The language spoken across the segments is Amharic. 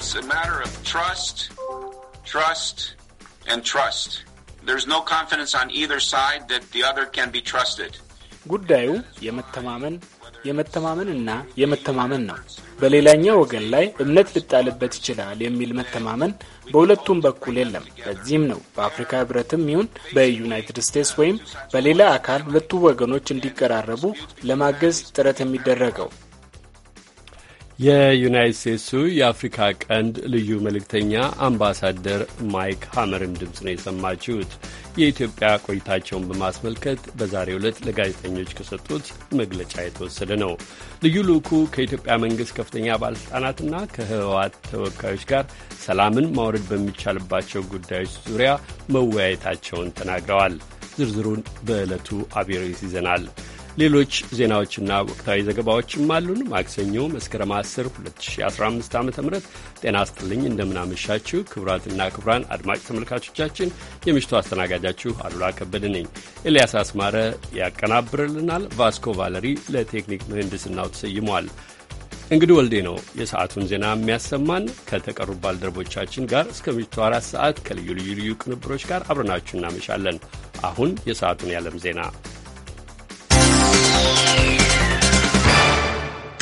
It's a matter of trust, trust, and trust. There's no confidence on either side that the other can be trusted. ጉዳዩ የመተማመን የመተማመንና የመተማመን ነው። በሌላኛው ወገን ላይ እምነት ልጣልበት ይችላል የሚል መተማመን በሁለቱም በኩል የለም። በዚህም ነው በአፍሪካ ሕብረትም ይሁን በዩናይትድ ስቴትስ ወይም በሌላ አካል ሁለቱ ወገኖች እንዲቀራረቡ ለማገዝ ጥረት የሚደረገው። የዩናይት ስቴትሱ የአፍሪካ ቀንድ ልዩ መልእክተኛ አምባሳደር ማይክ ሀመርን ድምፅ ነው የሰማችሁት። የኢትዮጵያ ቆይታቸውን በማስመልከት በዛሬው ዕለት ለጋዜጠኞች ከሰጡት መግለጫ የተወሰደ ነው። ልዩ ልዑኩ ከኢትዮጵያ መንግሥት ከፍተኛ ባለሥልጣናትና ከህወሓት ተወካዮች ጋር ሰላምን ማውረድ በሚቻልባቸው ጉዳዮች ዙሪያ መወያየታቸውን ተናግረዋል። ዝርዝሩን በዕለቱ አብሮ ይዘናል። ሌሎች ዜናዎችና ወቅታዊ ዘገባዎችም አሉን። ማክሰኞ መስከረም 10 2015 ዓ ም ጤና ይስጥልኝ። እንደምናመሻችሁ ክቡራትና ክቡራን አድማጭ ተመልካቾቻችን የምሽቱ አስተናጋጃችሁ አሉላ ከበደ ነኝ። ኤልያስ አስማረ ያቀናብርልናል። ቫስኮ ቫለሪ ለቴክኒክ ምህንድስናው ተሰይሟል። እንግዲህ ወልዴ ነው የሰዓቱን ዜና የሚያሰማን። ከተቀሩ ባልደረቦቻችን ጋር እስከ ምሽቱ አራት ሰዓት ከልዩ ልዩ ልዩ ቅንብሮች ጋር አብረናችሁ እናመሻለን። አሁን የሰዓቱን የዓለም ዜና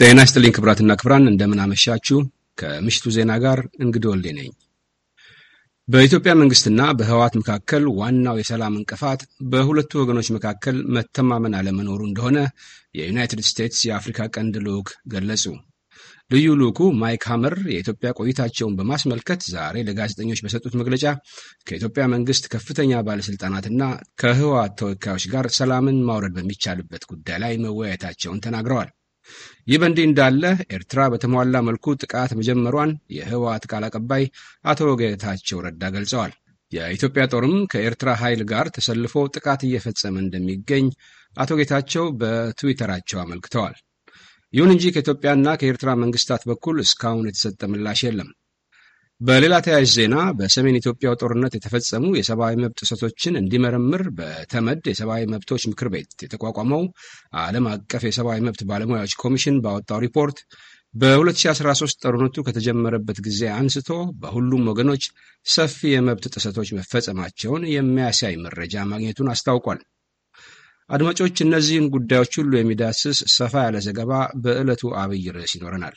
ጤና ይስጥልኝ ክብራን እንደምን አመሻችሁ። ከምሽቱ ዜና ጋር እንግዶ ወልዴ ነኝ። በኢትዮጵያ መንግስትና በህወሓት መካከል ዋናው የሰላም እንቅፋት በሁለቱ ወገኖች መካከል መተማመን አለመኖሩ እንደሆነ የዩናይትድ ስቴትስ የአፍሪካ ቀንድ ልዑክ ገለጹ። ልዩ ልዑኩ ማይክ ሀመር የኢትዮጵያ ቆይታቸውን በማስመልከት ዛሬ ለጋዜጠኞች በሰጡት መግለጫ ከኢትዮጵያ መንግስት ከፍተኛ ባለስልጣናትና ከህወሓት ተወካዮች ጋር ሰላምን ማውረድ በሚቻልበት ጉዳይ ላይ መወያየታቸውን ተናግረዋል። ይህ በእንዲህ እንዳለ ኤርትራ በተሟላ መልኩ ጥቃት መጀመሯን የህወሓት ቃል አቀባይ አቶ ጌታቸው ረዳ ገልጸዋል። የኢትዮጵያ ጦርም ከኤርትራ ኃይል ጋር ተሰልፎ ጥቃት እየፈጸመ እንደሚገኝ አቶ ጌታቸው በትዊተራቸው አመልክተዋል። ይሁን እንጂ ከኢትዮጵያና ከኤርትራ መንግስታት በኩል እስካሁን የተሰጠ ምላሽ የለም። በሌላ ተያያዥ ዜና በሰሜን ኢትዮጵያው ጦርነት የተፈጸሙ የሰብአዊ መብት ጥሰቶችን እንዲመረምር በተመድ የሰብአዊ መብቶች ምክር ቤት የተቋቋመው ዓለም አቀፍ የሰብአዊ መብት ባለሙያዎች ኮሚሽን ባወጣው ሪፖርት በ2013 ጦርነቱ ከተጀመረበት ጊዜ አንስቶ በሁሉም ወገኖች ሰፊ የመብት ጥሰቶች መፈጸማቸውን የሚያሳይ መረጃ ማግኘቱን አስታውቋል። አድማጮች፣ እነዚህን ጉዳዮች ሁሉ የሚዳስስ ሰፋ ያለ ዘገባ በዕለቱ አብይ ርዕስ ይኖረናል።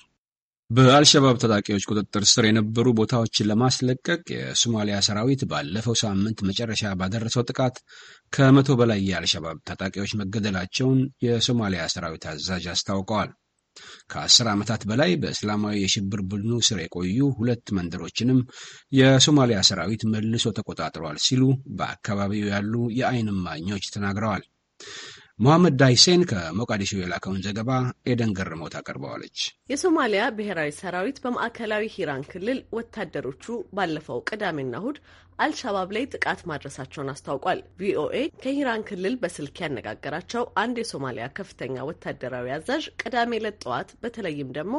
በአልሸባብ ታጣቂዎች ቁጥጥር ስር የነበሩ ቦታዎችን ለማስለቀቅ የሶማሊያ ሰራዊት ባለፈው ሳምንት መጨረሻ ባደረሰው ጥቃት ከመቶ በላይ የአልሸባብ ታጣቂዎች መገደላቸውን የሶማሊያ ሰራዊት አዛዥ አስታውቀዋል። ከአስር ዓመታት በላይ በእስላማዊ የሽብር ቡድኑ ስር የቆዩ ሁለት መንደሮችንም የሶማሊያ ሰራዊት መልሶ ተቆጣጥሯል ሲሉ በአካባቢው ያሉ የዓይን እማኞች ተናግረዋል። መሐመድ ዳይሴን ከሞቃዲሾ የላከውን ዘገባ ኤደን ገርመው ታቀርበዋለች። የሶማሊያ ብሔራዊ ሰራዊት በማዕከላዊ ሂራን ክልል ወታደሮቹ ባለፈው ቅዳሜና እሁድ አልሻባብ ላይ ጥቃት ማድረሳቸውን አስታውቋል። ቪኦኤ ከሂራን ክልል በስልክ ያነጋገራቸው አንድ የሶማሊያ ከፍተኛ ወታደራዊ አዛዥ ቅዳሜ ዕለት ጠዋት በተለይም ደግሞ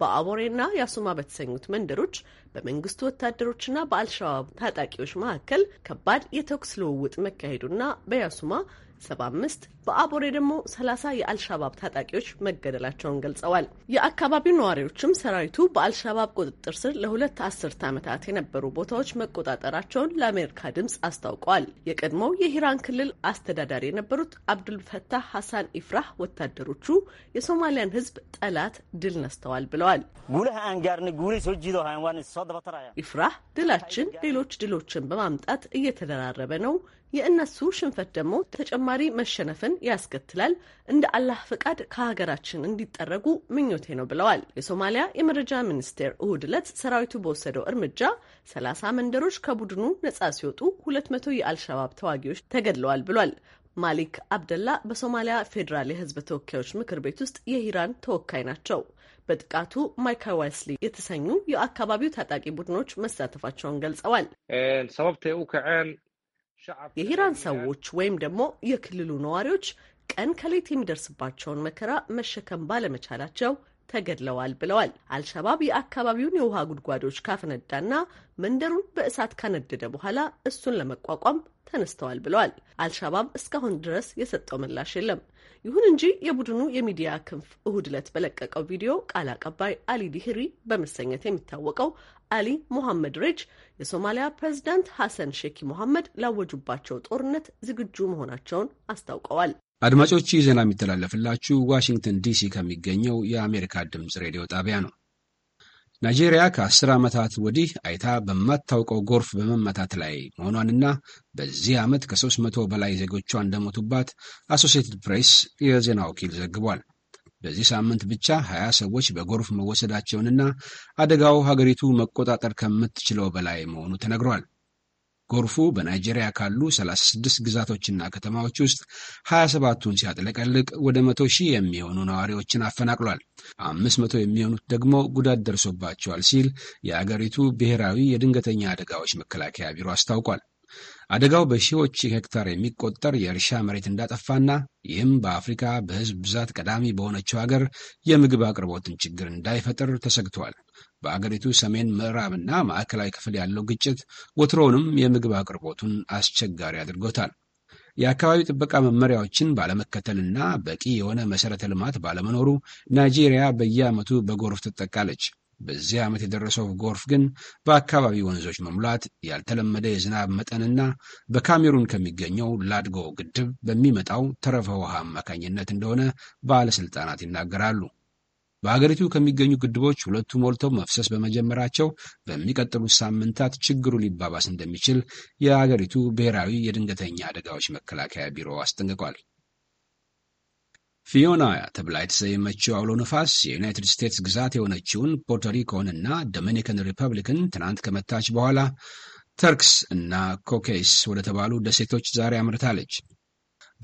በአቦሬና የአሱማ በተሰኙት መንደሮች በመንግስቱ ወታደሮችና በአልሸባብ ታጣቂዎች መካከል ከባድ የተኩስ ልውውጥ መካሄዱና በያሱማ 75 በአቦሬ ደግሞ 30 የአልሻባብ ታጣቂዎች መገደላቸውን ገልጸዋል። የአካባቢው ነዋሪዎችም ሰራዊቱ በአልሻባብ ቁጥጥር ስር ለሁለት አስርተ ዓመታት የነበሩ ቦታዎች መቆጣጠራቸውን ለአሜሪካ ድምፅ አስታውቀዋል። የቀድሞው የሂራን ክልል አስተዳዳሪ የነበሩት አብዱልፈታህ ሐሳን ኢፍራህ ወታደሮቹ የሶማሊያን ሕዝብ ጠላት ድል ነስተዋል ብለዋል። ኢፍራህ ድላችን ሌሎች ድሎችን በማምጣት እየተደራረበ ነው የእነሱ ሽንፈት ደግሞ ተጨማሪ መሸነፍን ያስከትላል። እንደ አላህ ፈቃድ ከሀገራችን እንዲጠረጉ ምኞቴ ነው ብለዋል። የሶማሊያ የመረጃ ሚኒስቴር እሁድ ዕለት ሰራዊቱ በወሰደው እርምጃ ሰላሳ መንደሮች ከቡድኑ ነጻ ሲወጡ ሁለት መቶ የአልሸባብ ተዋጊዎች ተገድለዋል ብሏል። ማሊክ አብደላ በሶማሊያ ፌዴራል የህዝብ ተወካዮች ምክር ቤት ውስጥ የሂራን ተወካይ ናቸው። በጥቃቱ ማይካል ዋይስሊ የተሰኙ የአካባቢው ታጣቂ ቡድኖች መሳተፋቸውን ገልጸዋል። ሰበብተ ኡክዐን የሂራን ሰዎች ወይም ደግሞ የክልሉ ነዋሪዎች ቀን ከሌት የሚደርስባቸውን መከራ መሸከም ባለመቻላቸው ተገድለዋል ብለዋል። አልሸባብ የአካባቢውን የውሃ ጉድጓዶች ካፈነዳና መንደሩን በእሳት ካነደደ በኋላ እሱን ለመቋቋም ተነስተዋል ብለዋል። አልሸባብ እስካሁን ድረስ የሰጠው ምላሽ የለም። ይሁን እንጂ የቡድኑ የሚዲያ ክንፍ እሁድ ዕለት በለቀቀው ቪዲዮ ቃል አቀባይ አሊ ዲህሪ በመሰኘት የሚታወቀው አሊ ሙሐመድ ሬጅ የሶማሊያ ፕሬዝዳንት ሐሰን ሼኪ ሙሐመድ ላወጁባቸው ጦርነት ዝግጁ መሆናቸውን አስታውቀዋል። አድማጮች ይህ ዜና የሚተላለፍላችሁ ዋሽንግተን ዲሲ ከሚገኘው የአሜሪካ ድምፅ ሬዲዮ ጣቢያ ነው። ናይጄሪያ ከአስር ዓመታት ወዲህ አይታ በማታውቀው ጎርፍ በመመታት ላይ መሆኗንና በዚህ ዓመት ከሦስት መቶ በላይ ዜጎቿ እንደሞቱባት አሶሴትድ ፕሬስ የዜና ወኪል ዘግቧል። በዚህ ሳምንት ብቻ ሀያ ሰዎች በጎርፍ መወሰዳቸውንና አደጋው ሀገሪቱ መቆጣጠር ከምትችለው በላይ መሆኑ ተነግሯል። ጎርፉ በናይጄሪያ ካሉ 36 ግዛቶችና ከተማዎች ውስጥ 27ቱን ሲያጥለቀልቅ ወደ 100 ሺህ የሚሆኑ ነዋሪዎችን አፈናቅሏል። 500 የሚሆኑት ደግሞ ጉዳት ደርሶባቸዋል ሲል የአገሪቱ ብሔራዊ የድንገተኛ አደጋዎች መከላከያ ቢሮ አስታውቋል። አደጋው በሺዎች ሄክታር የሚቆጠር የእርሻ መሬት እንዳጠፋና ይህም በአፍሪካ በሕዝብ ብዛት ቀዳሚ በሆነችው አገር የምግብ አቅርቦትን ችግር እንዳይፈጥር ተሰግቷል። በአገሪቱ ሰሜን ምዕራብና ማዕከላዊ ክፍል ያለው ግጭት ወትሮውንም የምግብ አቅርቦቱን አስቸጋሪ አድርጎታል። የአካባቢ ጥበቃ መመሪያዎችን ባለመከተልና በቂ የሆነ መሠረተ ልማት ባለመኖሩ ናይጄሪያ በየዓመቱ በጎርፍ ትጠቃለች። በዚህ ዓመት የደረሰው ጎርፍ ግን በአካባቢ ወንዞች መሙላት፣ ያልተለመደ የዝናብ መጠንና በካሜሩን ከሚገኘው ላድጎ ግድብ በሚመጣው ተረፈ ውሃ አማካኝነት እንደሆነ ባለሥልጣናት ይናገራሉ። በአገሪቱ ከሚገኙ ግድቦች ሁለቱ ሞልተው መፍሰስ በመጀመራቸው በሚቀጥሉት ሳምንታት ችግሩ ሊባባስ እንደሚችል የአገሪቱ ብሔራዊ የድንገተኛ አደጋዎች መከላከያ ቢሮ አስጠንቅቋል። ፊዮና ተብላ የተሰየመችው አውሎ ነፋስ የዩናይትድ ስቴትስ ግዛት የሆነችውን ፖርቶሪኮን እና ዶሚኒካን ሪፐብሊክን ትናንት ከመታች በኋላ ተርክስ እና ኮኬስ ወደተባሉ ደሴቶች ዛሬ አምርታለች።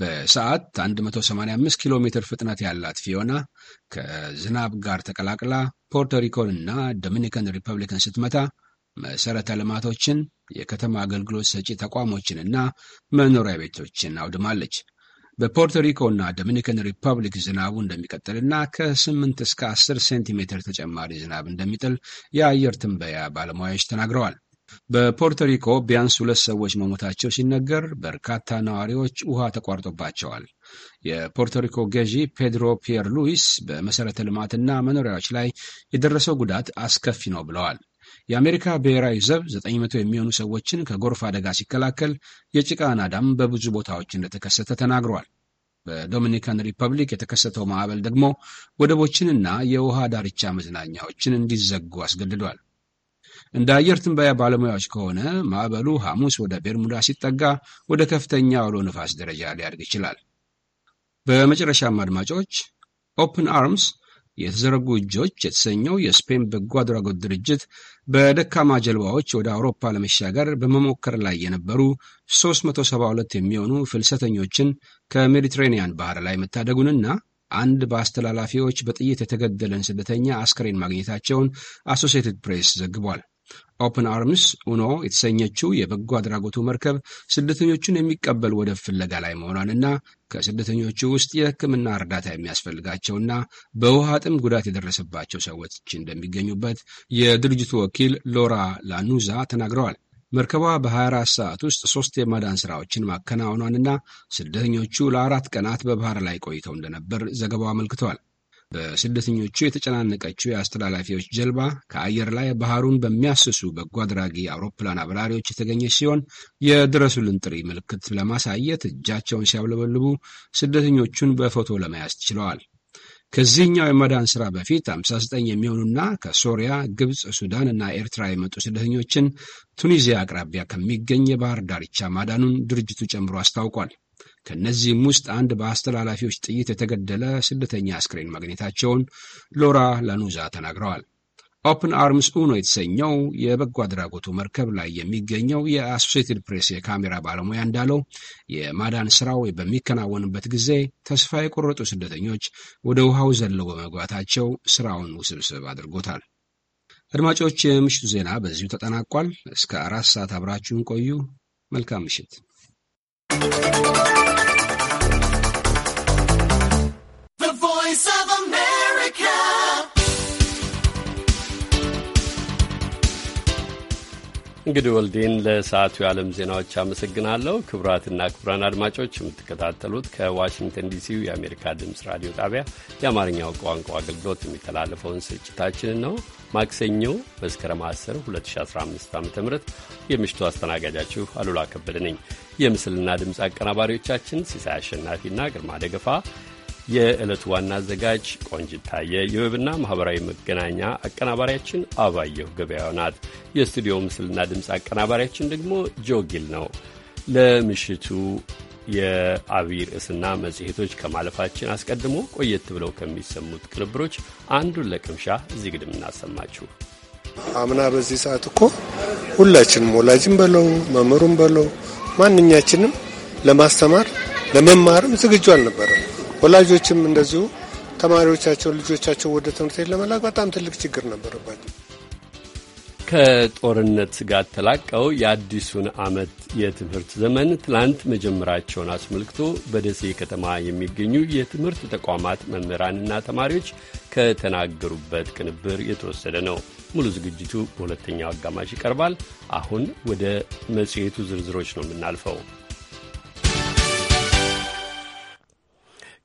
በሰዓት 185 ኪሎ ሜትር ፍጥነት ያላት ፊዮና ከዝናብ ጋር ተቀላቅላ ፖርቶሪኮን እና ዶሚኒካን ሪፐብሊክን ስትመታ መሠረተ ልማቶችን፣ የከተማ አገልግሎት ሰጪ ተቋሞችን እና መኖሪያ ቤቶችን አውድማለች። በፖርቶሪኮ እና ዶሚኒካን ሪፐብሊክ ዝናቡ እንደሚቀጥልና ከ8 እስከ 10 ሴንቲሜትር ተጨማሪ ዝናብ እንደሚጥል የአየር ትንበያ ባለሙያዎች ተናግረዋል። በፖርቶሪኮ ቢያንስ ሁለት ሰዎች መሞታቸው ሲነገር በርካታ ነዋሪዎች ውሃ ተቋርጦባቸዋል። የፖርቶሪኮ ገዢ ፔድሮ ፒየር ሉዊስ በመሠረተ ልማትና መኖሪያዎች ላይ የደረሰው ጉዳት አስከፊ ነው ብለዋል። የአሜሪካ ብሔራዊ ዘብ 900 የሚሆኑ ሰዎችን ከጎርፍ አደጋ ሲከላከል የጭቃ ናዳም በብዙ ቦታዎች እንደተከሰተ ተናግሯል። በዶሚኒካን ሪፐብሊክ የተከሰተው ማዕበል ደግሞ ወደቦችንና የውሃ ዳርቻ መዝናኛዎችን እንዲዘጉ አስገድዷል። እንደ አየር ትንበያ ባለሙያዎች ከሆነ ማዕበሉ ሐሙስ ወደ ቤርሙዳ ሲጠጋ ወደ ከፍተኛ አውሎ ነፋስ ደረጃ ሊያድግ ይችላል። በመጨረሻም አድማጮች ኦፕን አርምስ የተዘረጉ እጆች የተሰኘው የስፔን በጎ አድራጎት ድርጅት በደካማ ጀልባዎች ወደ አውሮፓ ለመሻገር በመሞከር ላይ የነበሩ 372 የሚሆኑ ፍልሰተኞችን ከሜዲትሬንያን ባህር ላይ መታደጉንና አንድ በአስተላላፊዎች በጥይት የተገደለን ስደተኛ አስከሬን ማግኘታቸውን አሶሲየትድ ፕሬስ ዘግቧል። ኦፕን አርምስ ኡኖ የተሰኘችው የበጎ አድራጎቱ መርከብ ስደተኞቹን የሚቀበል ወደብ ፍለጋ ላይ መሆኗንና ከስደተኞቹ ውስጥ የሕክምና እርዳታ የሚያስፈልጋቸውና በውሃ ጥም ጉዳት የደረሰባቸው ሰዎች እንደሚገኙበት የድርጅቱ ወኪል ሎራ ላኑዛ ተናግረዋል። መርከቧ በ24 ሰዓት ውስጥ ሶስት የማዳን ስራዎችን ማከናወኗንና ስደተኞቹ ለአራት ቀናት በባህር ላይ ቆይተው እንደነበር ዘገባው አመልክተዋል። በስደተኞቹ የተጨናነቀችው የአስተላላፊዎች ጀልባ ከአየር ላይ ባህሩን በሚያስሱ በጎ አድራጊ አውሮፕላን አብራሪዎች የተገኘች ሲሆን የድረሱልን ጥሪ ምልክት ለማሳየት እጃቸውን ሲያውለበልቡ ስደተኞቹን በፎቶ ለመያዝ ችለዋል። ከዚህኛው የመዳን ስራ በፊት 59 የሚሆኑና ከሶሪያ፣ ግብፅ፣ ሱዳን እና ኤርትራ የመጡ ስደተኞችን ቱኒዚያ አቅራቢያ ከሚገኝ የባህር ዳርቻ ማዳኑን ድርጅቱ ጨምሮ አስታውቋል። ከእነዚህም ውስጥ አንድ በአስተላላፊዎች ጥይት የተገደለ ስደተኛ አስክሬን ማግኘታቸውን ሎራ ላኑዛ ተናግረዋል። ኦፕን አርምስ ኡኖ የተሰኘው የበጎ አድራጎቱ መርከብ ላይ የሚገኘው የአሶሴትድ ፕሬስ የካሜራ ባለሙያ እንዳለው የማዳን ስራው በሚከናወንበት ጊዜ ተስፋ የቆረጡ ስደተኞች ወደ ውሃው ዘለው በመግባታቸው ስራውን ውስብስብ አድርጎታል። አድማጮች፣ የምሽቱ ዜና በዚሁ ተጠናቋል። እስከ አራት ሰዓት አብራችሁን ቆዩ። መልካም ምሽት። እንግዲህ ወልዴን ለሰዓቱ የዓለም ዜናዎች አመሰግናለሁ። ክቡራትና ክቡራን አድማጮች የምትከታተሉት ከዋሽንግተን ዲሲ የአሜሪካ ድምፅ ራዲዮ ጣቢያ የአማርኛው ቋንቋ አገልግሎት የሚተላለፈውን ስርጭታችንን ነው። ማክሰኞ መስከረም 10 2015 ዓ ም የምሽቱ አስተናጋጃችሁ አሉላ ከበደ ነኝ። የምስልና ድምፅ አቀናባሪዎቻችን ሲሳይ አሸናፊና ግርማ ደገፋ፣ የዕለቱ ዋና አዘጋጅ ቆንጅት ታየ፣ የዌብና ማኅበራዊ መገናኛ አቀናባሪያችን አባየሁ ገበያው ናት። የስቱዲዮ ምስልና ድምፅ አቀናባሪያችን ደግሞ ጆጊል ነው። ለምሽቱ የአብይ ርዕስና መጽሔቶች ከማለፋችን አስቀድሞ ቆየት ብለው ከሚሰሙት ቅንብሮች አንዱን ለቅምሻ እዚህ ግድም እናሰማችሁ። አምና በዚህ ሰዓት እኮ ሁላችንም ወላጅም በለው መምህሩም በለው ማንኛችንም ለማስተማር ለመማርም ዝግጁ አልነበረም። ወላጆችም እንደዚሁ ተማሪዎቻቸው ልጆቻቸው ወደ ትምህርት ቤት ለመላክ በጣም ትልቅ ችግር ነበረባቸው። ከጦርነት ስጋት ተላቀው የአዲሱን ዓመት የትምህርት ዘመን ትላንት መጀመራቸውን አስመልክቶ በደሴ ከተማ የሚገኙ የትምህርት ተቋማት መምህራንና ተማሪዎች ከተናገሩበት ቅንብር የተወሰደ ነው። ሙሉ ዝግጅቱ በሁለተኛው አጋማሽ ይቀርባል። አሁን ወደ መጽሔቱ ዝርዝሮች ነው የምናልፈው።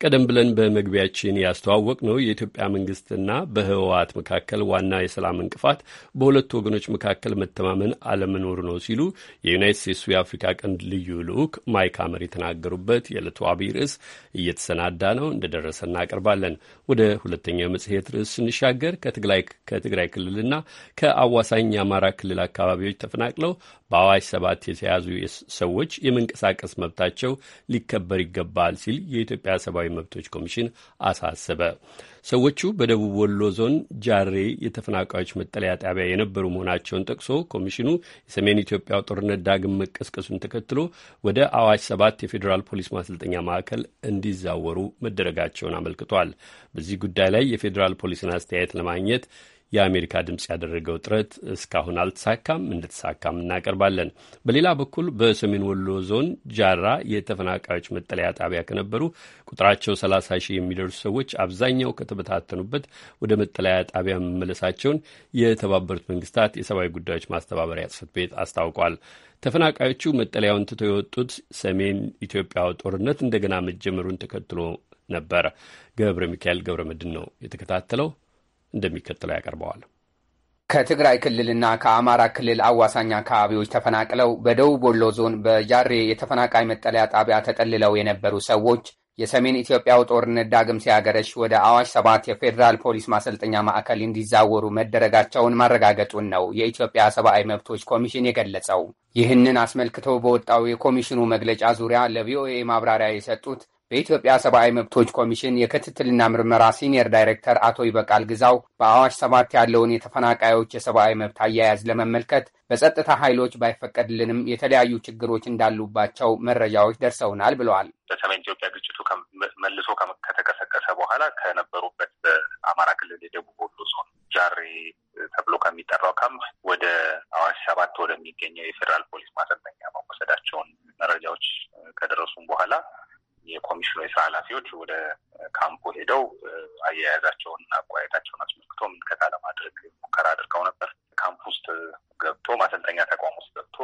ቀደም ብለን በመግቢያችን ያስተዋወቅ ነው የኢትዮጵያ መንግስትና በህወሓት መካከል ዋና የሰላም እንቅፋት በሁለቱ ወገኖች መካከል መተማመን አለመኖር ነው ሲሉ የዩናይት ስቴትሱ የአፍሪካ ቀንድ ልዩ ልዑክ ማይክ አመር የተናገሩበት የዕለቱ አብይ ርዕስ እየተሰናዳ ነው፣ እንደደረሰ እናቀርባለን። ወደ ሁለተኛው መጽሔት ርዕስ ስንሻገር ከትግራይ ክልልና ከአዋሳኝ የአማራ ክልል አካባቢዎች ተፈናቅለው በአዋጅ ሰባት የተያዙ ሰዎች የመንቀሳቀስ መብታቸው ሊከበር ይገባል ሲል የኢትዮጵያ ሰብአዊ መብቶች ኮሚሽን አሳሰበ። ሰዎቹ በደቡብ ወሎ ዞን ጃሬ የተፈናቃዮች መጠለያ ጣቢያ የነበሩ መሆናቸውን ጠቅሶ ኮሚሽኑ የሰሜን ኢትዮጵያው ጦርነት ዳግም መቀስቀሱን ተከትሎ ወደ አዋጅ ሰባት የፌዴራል ፖሊስ ማሰልጠኛ ማዕከል እንዲዛወሩ መደረጋቸውን አመልክቷል። በዚህ ጉዳይ ላይ የፌዴራል ፖሊስን አስተያየት ለማግኘት የአሜሪካ ድምፅ ያደረገው ጥረት እስካሁን አልተሳካም። እንደተሳካም እናቀርባለን። በሌላ በኩል በሰሜን ወሎ ዞን ጃራ የተፈናቃዮች መጠለያ ጣቢያ ከነበሩ ቁጥራቸው 30 ሺህ የሚደርሱ ሰዎች አብዛኛው ከተበታተኑበት ወደ መጠለያ ጣቢያ መመለሳቸውን የተባበሩት መንግስታት የሰብአዊ ጉዳዮች ማስተባበሪያ ጽፈት ቤት አስታውቋል። ተፈናቃዮቹ መጠለያውን ትተው የወጡት ሰሜን ኢትዮጵያ ጦርነት እንደገና መጀመሩን ተከትሎ ነበር። ገብረ ሚካኤል ገብረ መድን ነው የተከታተለው። እንደሚከተለው ያቀርበዋል። ከትግራይ ክልልና ከአማራ ክልል አዋሳኝ አካባቢዎች ተፈናቅለው በደቡብ ወሎ ዞን በጃሬ የተፈናቃይ መጠለያ ጣቢያ ተጠልለው የነበሩ ሰዎች የሰሜን ኢትዮጵያው ጦርነት ዳግም ሲያገረሽ ወደ አዋሽ ሰባት የፌዴራል ፖሊስ ማሰልጠኛ ማዕከል እንዲዛወሩ መደረጋቸውን ማረጋገጡን ነው የኢትዮጵያ ሰብአዊ መብቶች ኮሚሽን የገለጸው። ይህንን አስመልክቶ በወጣው የኮሚሽኑ መግለጫ ዙሪያ ለቪኦኤ ማብራሪያ የሰጡት በኢትዮጵያ ሰብአዊ መብቶች ኮሚሽን የክትትልና ምርመራ ሲኒየር ዳይሬክተር አቶ ይበቃል ግዛው በአዋሽ ሰባት ያለውን የተፈናቃዮች የሰብአዊ መብት አያያዝ ለመመልከት በጸጥታ ኃይሎች ባይፈቀድልንም የተለያዩ ችግሮች እንዳሉባቸው መረጃዎች ደርሰውናል ብለዋል። በሰሜን ኢትዮጵያ ግጭቱ መልሶ ከተቀሰቀሰ በኋላ ከነበሩበት በአማራ ክልል የደቡብ ወሎ ዞን ጃሬ ተብሎ ከሚጠራው ካምፕ ወደ አዋሽ ሰባት ወደሚገኘው የፌዴራል ፖሊስ ማሰልጠኛ መወሰዳቸውን መረጃዎች ከደረሱም በኋላ የኮሚሽኑ የስራ ኃላፊዎች ወደ ካምፑ ሄደው አያያዛቸውን እና አቋየታቸውን አስመልክቶ ምልከታ ለማድረግ ሙከራ አድርገው ነበር። ካምፕ ውስጥ ገብቶ ማሰልጠኛ ተቋም ውስጥ ገብቶ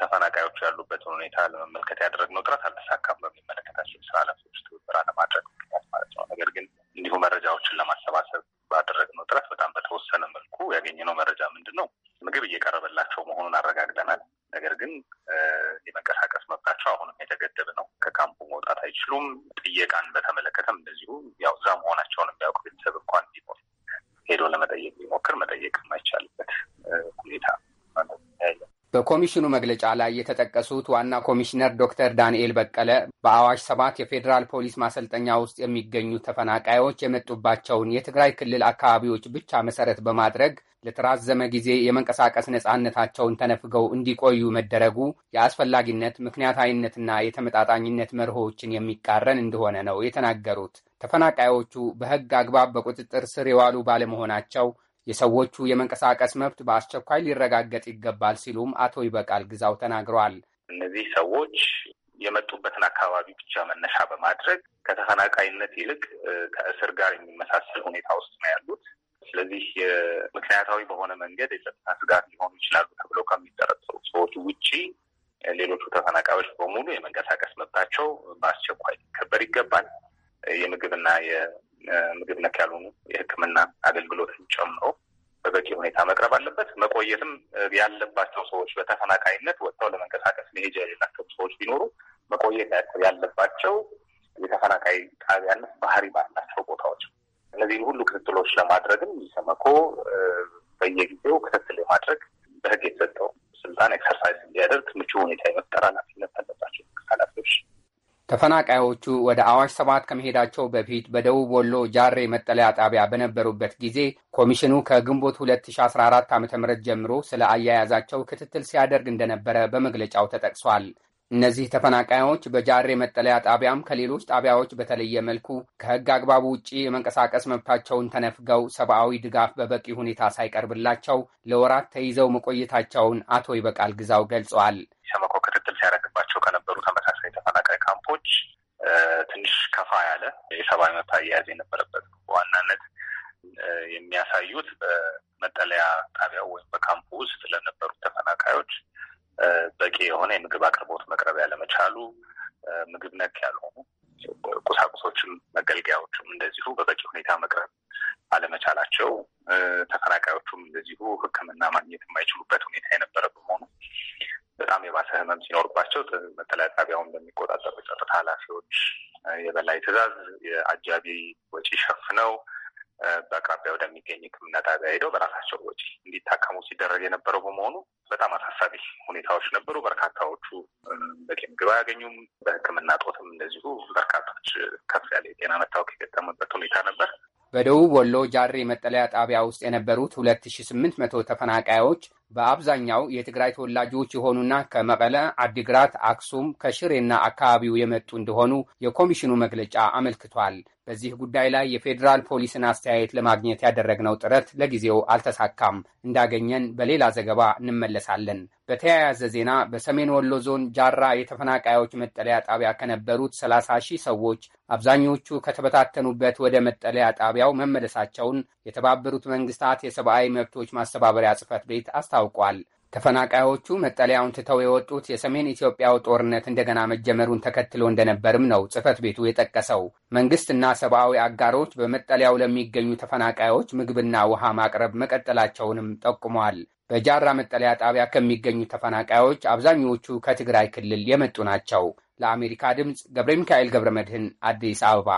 ተፈናቃዮቹ ያሉበትን ሁኔታ ለመመልከት ያደረግነው ጥረት አልተሳካም። በሚመለከታቸው የስራ ኃላፊዎች ትብብር አለማድረግ ምክንያት ማለት ነው። ነገር ግን እንዲሁ መረጃዎችን ለማሰባሰብ ባደረግነው ጥረት በጣም በተወሰነ መልኩ ያገኘነው መረጃ ምንድን ነው? ምግብ እየቀረበላቸው መሆኑን አረጋግጠናል። ነገር ግን የመንቀሳቀስ መብታቸው አሁንም የተገደበ ነው። ከካምፑ መውጣት አይችሉም። ጥየቃን በተመለከተም እንደዚሁ ያው እዛ መሆናቸውን የሚያውቅ ቤተሰብ እንኳን ቢኖር ሄዶ ለመጠየቅ ቢሞክር መጠየቅ የማይቻልበት ሁኔታ ያለው በኮሚሽኑ መግለጫ ላይ የተጠቀሱት ዋና ኮሚሽነር ዶክተር ዳንኤል በቀለ በአዋሽ ሰባት የፌዴራል ፖሊስ ማሰልጠኛ ውስጥ የሚገኙ ተፈናቃዮች የመጡባቸውን የትግራይ ክልል አካባቢዎች ብቻ መሰረት በማድረግ ለተራዘመ ጊዜ የመንቀሳቀስ ነፃነታቸውን ተነፍገው እንዲቆዩ መደረጉ የአስፈላጊነት ምክንያታዊነትና የተመጣጣኝነት መርሆችን የሚቃረን እንደሆነ ነው የተናገሩት። ተፈናቃዮቹ በሕግ አግባብ በቁጥጥር ስር የዋሉ ባለመሆናቸው የሰዎቹ የመንቀሳቀስ መብት በአስቸኳይ ሊረጋገጥ ይገባል ሲሉም አቶ ይበቃል ግዛው ተናግረዋል። እነዚህ ሰዎች የመጡበትን አካባቢ ብቻ መነሻ በማድረግ ከተፈናቃይነት ይልቅ ከእስር ጋር የሚመሳሰል ሁኔታ ውስጥ ነው ያሉት። ስለዚህ ምክንያታዊ በሆነ መንገድ የጸጥታ ስጋት ሊሆኑ ይችላሉ ተብለው ከሚጠረጠሩ ሰዎች ውጪ ሌሎቹ ተፈናቃዮች በሙሉ የመንቀሳቀስ መብታቸው በአስቸኳይ ሊከበር ይገባል። የምግብና ምግብ ነክ ያልሆኑ የሕክምና አገልግሎትን ጨምሮ በበቂ ሁኔታ መቅረብ አለበት። መቆየትም ያለባቸው ሰዎች በተፈናቃይነት ወጥተው ለመንቀሳቀስ መሄጃ የሌላቸው ሰዎች ቢኖሩ መቆየት ያለባቸው የተፈናቃይ ጣቢያነት ባህሪ ባላቸው ቦታዎች እነዚህን ሁሉ ክትትሎች ለማድረግም ይሰመኮ በየጊዜው ክትትል የማድረግ በህግ የተሰጠው ስልጣን ኤክሰርሳይዝ እንዲያደርግ ምቹ ሁኔታ የመፍጠር ኃላፊነት አለባቸው ኃላፊዎች ተፈናቃዮቹ ወደ አዋሽ ሰባት ከመሄዳቸው በፊት በደቡብ ወሎ ጃሬ መጠለያ ጣቢያ በነበሩበት ጊዜ ኮሚሽኑ ከግንቦት 2014 ዓ ም ጀምሮ ስለ አያያዛቸው ክትትል ሲያደርግ እንደነበረ በመግለጫው ተጠቅሷል። እነዚህ ተፈናቃዮች በጃሬ መጠለያ ጣቢያም ከሌሎች ጣቢያዎች በተለየ መልኩ ከሕግ አግባቡ ውጭ የመንቀሳቀስ መብታቸውን ተነፍገው ሰብአዊ ድጋፍ በበቂ ሁኔታ ሳይቀርብላቸው ለወራት ተይዘው መቆየታቸውን አቶ ይበቃል ግዛው ገልጸዋል። ሰመኮ ክትትል ሲያደርግ ካምፖች ትንሽ ከፋ ያለ የሰብአዊ መብት አያያዝ የነበረበት በዋናነት የሚያሳዩት በመጠለያ ጣቢያው ወይም በካምፑ ውስጥ ለነበሩ ተፈናቃዮች በቂ የሆነ የምግብ አቅርቦት መቅረብ ያለመቻሉ፣ ምግብ ነክ ያልሆኑ ቁሳቁሶችም መገልገያዎችም እንደዚሁ በበቂ ሁኔታ መቅረብ አለመቻላቸው፣ ተፈናቃዮቹም እንደዚሁ ሕክምና ማግኘት የማይችሉበት ትእዛዝ የአጃቢ ወጪ ሸፍነው በአቅራቢያ ወደሚገኝ ሕክምና ጣቢያ ሄደው በራሳቸው ወጪ እንዲታከሙ ሲደረግ የነበረው በመሆኑ በጣም አሳሳቢ ሁኔታዎች ነበሩ። በርካታዎቹ በቂ ምግብ አያገኙም። በሕክምና ጦትም እንደዚሁ በርካቶች ከፍ ያለ የጤና መታወክ የገጠመበት ሁኔታ ነበር። በደቡብ ወሎ ጃሬ መጠለያ ጣቢያ ውስጥ የነበሩት ሁለት ሺ ስምንት መቶ ተፈናቃዮች በአብዛኛው የትግራይ ተወላጆች የሆኑና ከመቀለ፣ አዲግራት፣ አክሱም ከሽሬና አካባቢው የመጡ እንደሆኑ የኮሚሽኑ መግለጫ አመልክቷል። በዚህ ጉዳይ ላይ የፌዴራል ፖሊስን አስተያየት ለማግኘት ያደረግነው ጥረት ለጊዜው አልተሳካም። እንዳገኘን በሌላ ዘገባ እንመለሳለን። በተያያዘ ዜና በሰሜን ወሎ ዞን ጃራ የተፈናቃዮች መጠለያ ጣቢያ ከነበሩት 30 ሺህ ሰዎች አብዛኞቹ ከተበታተኑበት ወደ መጠለያ ጣቢያው መመለሳቸውን የተባበሩት መንግስታት የሰብአዊ መብቶች ማስተባበሪያ ጽፈት ቤት አስታውቋል። ተፈናቃዮቹ መጠለያውን ትተው የወጡት የሰሜን ኢትዮጵያው ጦርነት እንደገና መጀመሩን ተከትሎ እንደነበርም ነው ጽህፈት ቤቱ የጠቀሰው። መንግስትና ሰብአዊ አጋሮች በመጠለያው ለሚገኙ ተፈናቃዮች ምግብና ውሃ ማቅረብ መቀጠላቸውንም ጠቁመዋል። በጃራ መጠለያ ጣቢያ ከሚገኙ ተፈናቃዮች አብዛኞቹ ከትግራይ ክልል የመጡ ናቸው። ለአሜሪካ ድምፅ ገብረ ሚካኤል ገብረ መድህን አዲስ አበባ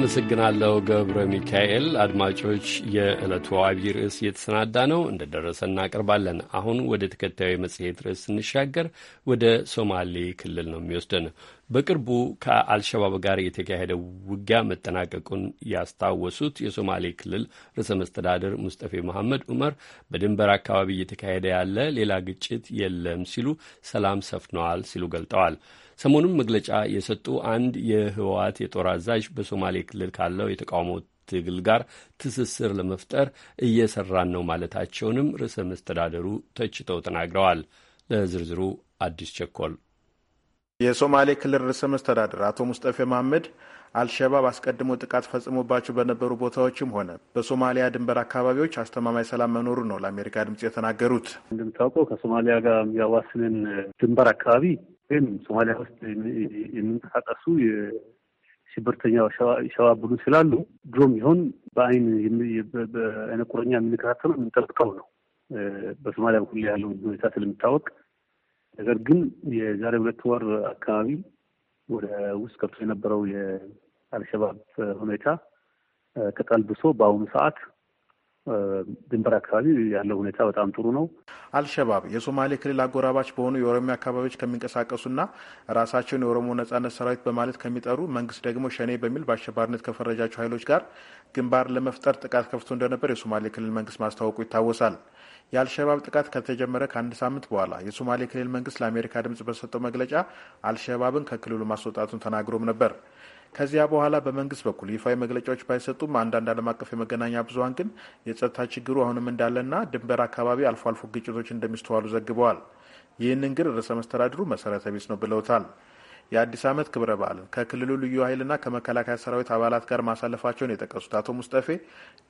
አመሰግናለሁ ገብረ ሚካኤል። አድማጮች የዕለቱ አብይ ርዕስ እየተሰናዳ ነው፣ እንደደረሰ እናቀርባለን። አሁን ወደ ተከታዩ የመጽሔት ርዕስ ስንሻገር ወደ ሶማሌ ክልል ነው የሚወስደን። በቅርቡ ከአልሸባብ ጋር የተካሄደ ውጊያ መጠናቀቁን ያስታወሱት የሶማሌ ክልል ርዕሰ መስተዳድር ሙስጠፌ መሐመድ ዑመር በድንበር አካባቢ እየተካሄደ ያለ ሌላ ግጭት የለም ሲሉ ሰላም ሰፍነዋል ሲሉ ገልጠዋል። ሰሞኑን መግለጫ የሰጡ አንድ የህወሓት የጦር አዛዥ በሶማሌ ክልል ካለው የተቃውሞ ትግል ጋር ትስስር ለመፍጠር እየሰራን ነው ማለታቸውንም ርዕሰ መስተዳደሩ ተችተው ተናግረዋል። ለዝርዝሩ አዲስ ቸኮል። የሶማሌ ክልል ርዕሰ መስተዳደር አቶ ሙስጠፌ መሐመድ አልሸባብ አስቀድሞ ጥቃት ፈጽሞባቸው በነበሩ ቦታዎችም ሆነ በሶማሊያ ድንበር አካባቢዎች አስተማማኝ ሰላም መኖሩ ነው ለአሜሪካ ድምጽ የተናገሩት። እንደምታውቀው ከሶማሊያ ጋር የሚያዋስንን ድንበር አካባቢ ወይም ሶማሊያ ውስጥ የሚንቀሳቀሱ ሽብርተኛ ሸባ ቡድን ስላሉ ድሮም ይሆን በአይን በአይነ ቁረኛ የምንከታተለው የምንጠብቀው ነው። በሶማሊያ በኩል ያለው ሁኔታ ስለሚታወቅ ነገር ግን የዛሬ ሁለት ወር አካባቢ ወደ ውስጥ ገብቶ የነበረው የአልሸባብ ሁኔታ ተቀልብሶ በአሁኑ ሰዓት ድንበር አካባቢ ያለው ሁኔታ በጣም ጥሩ ነው። አልሸባብ የሶማሌ ክልል አጎራባች በሆኑ የኦሮሚያ አካባቢዎች ከሚንቀሳቀሱና ራሳቸውን የኦሮሞ ነጻነት ሰራዊት በማለት ከሚጠሩ መንግስት ደግሞ ሸኔ በሚል በአሸባሪነት ከፈረጃቸው ኃይሎች ጋር ግንባር ለመፍጠር ጥቃት ከፍቶ እንደነበር የሶማሌ ክልል መንግስት ማስታወቁ ይታወሳል። የአልሸባብ ጥቃት ከተጀመረ ከአንድ ሳምንት በኋላ የሶማሌ ክልል መንግስት ለአሜሪካ ድምጽ በሰጠው መግለጫ አልሸባብን ከክልሉ ማስወጣቱን ተናግሮም ነበር። ከዚያ በኋላ በመንግስት በኩል ይፋዊ መግለጫዎች ባይሰጡም አንዳንድ ዓለም አቀፍ የመገናኛ ብዙሀን ግን የጸጥታ ችግሩ አሁንም እንዳለና ድንበር አካባቢ አልፎ አልፎ ግጭቶች እንደሚስተዋሉ ዘግበዋል። ይህንን ግን ርዕሰ መስተዳድሩ መሰረተ ቢስ ነው ብለውታል። የአዲስ ዓመት ክብረ በዓልን ከክልሉ ልዩ ኃይልና ከመከላከያ ሰራዊት አባላት ጋር ማሳለፋቸውን የጠቀሱት አቶ ሙስጠፌ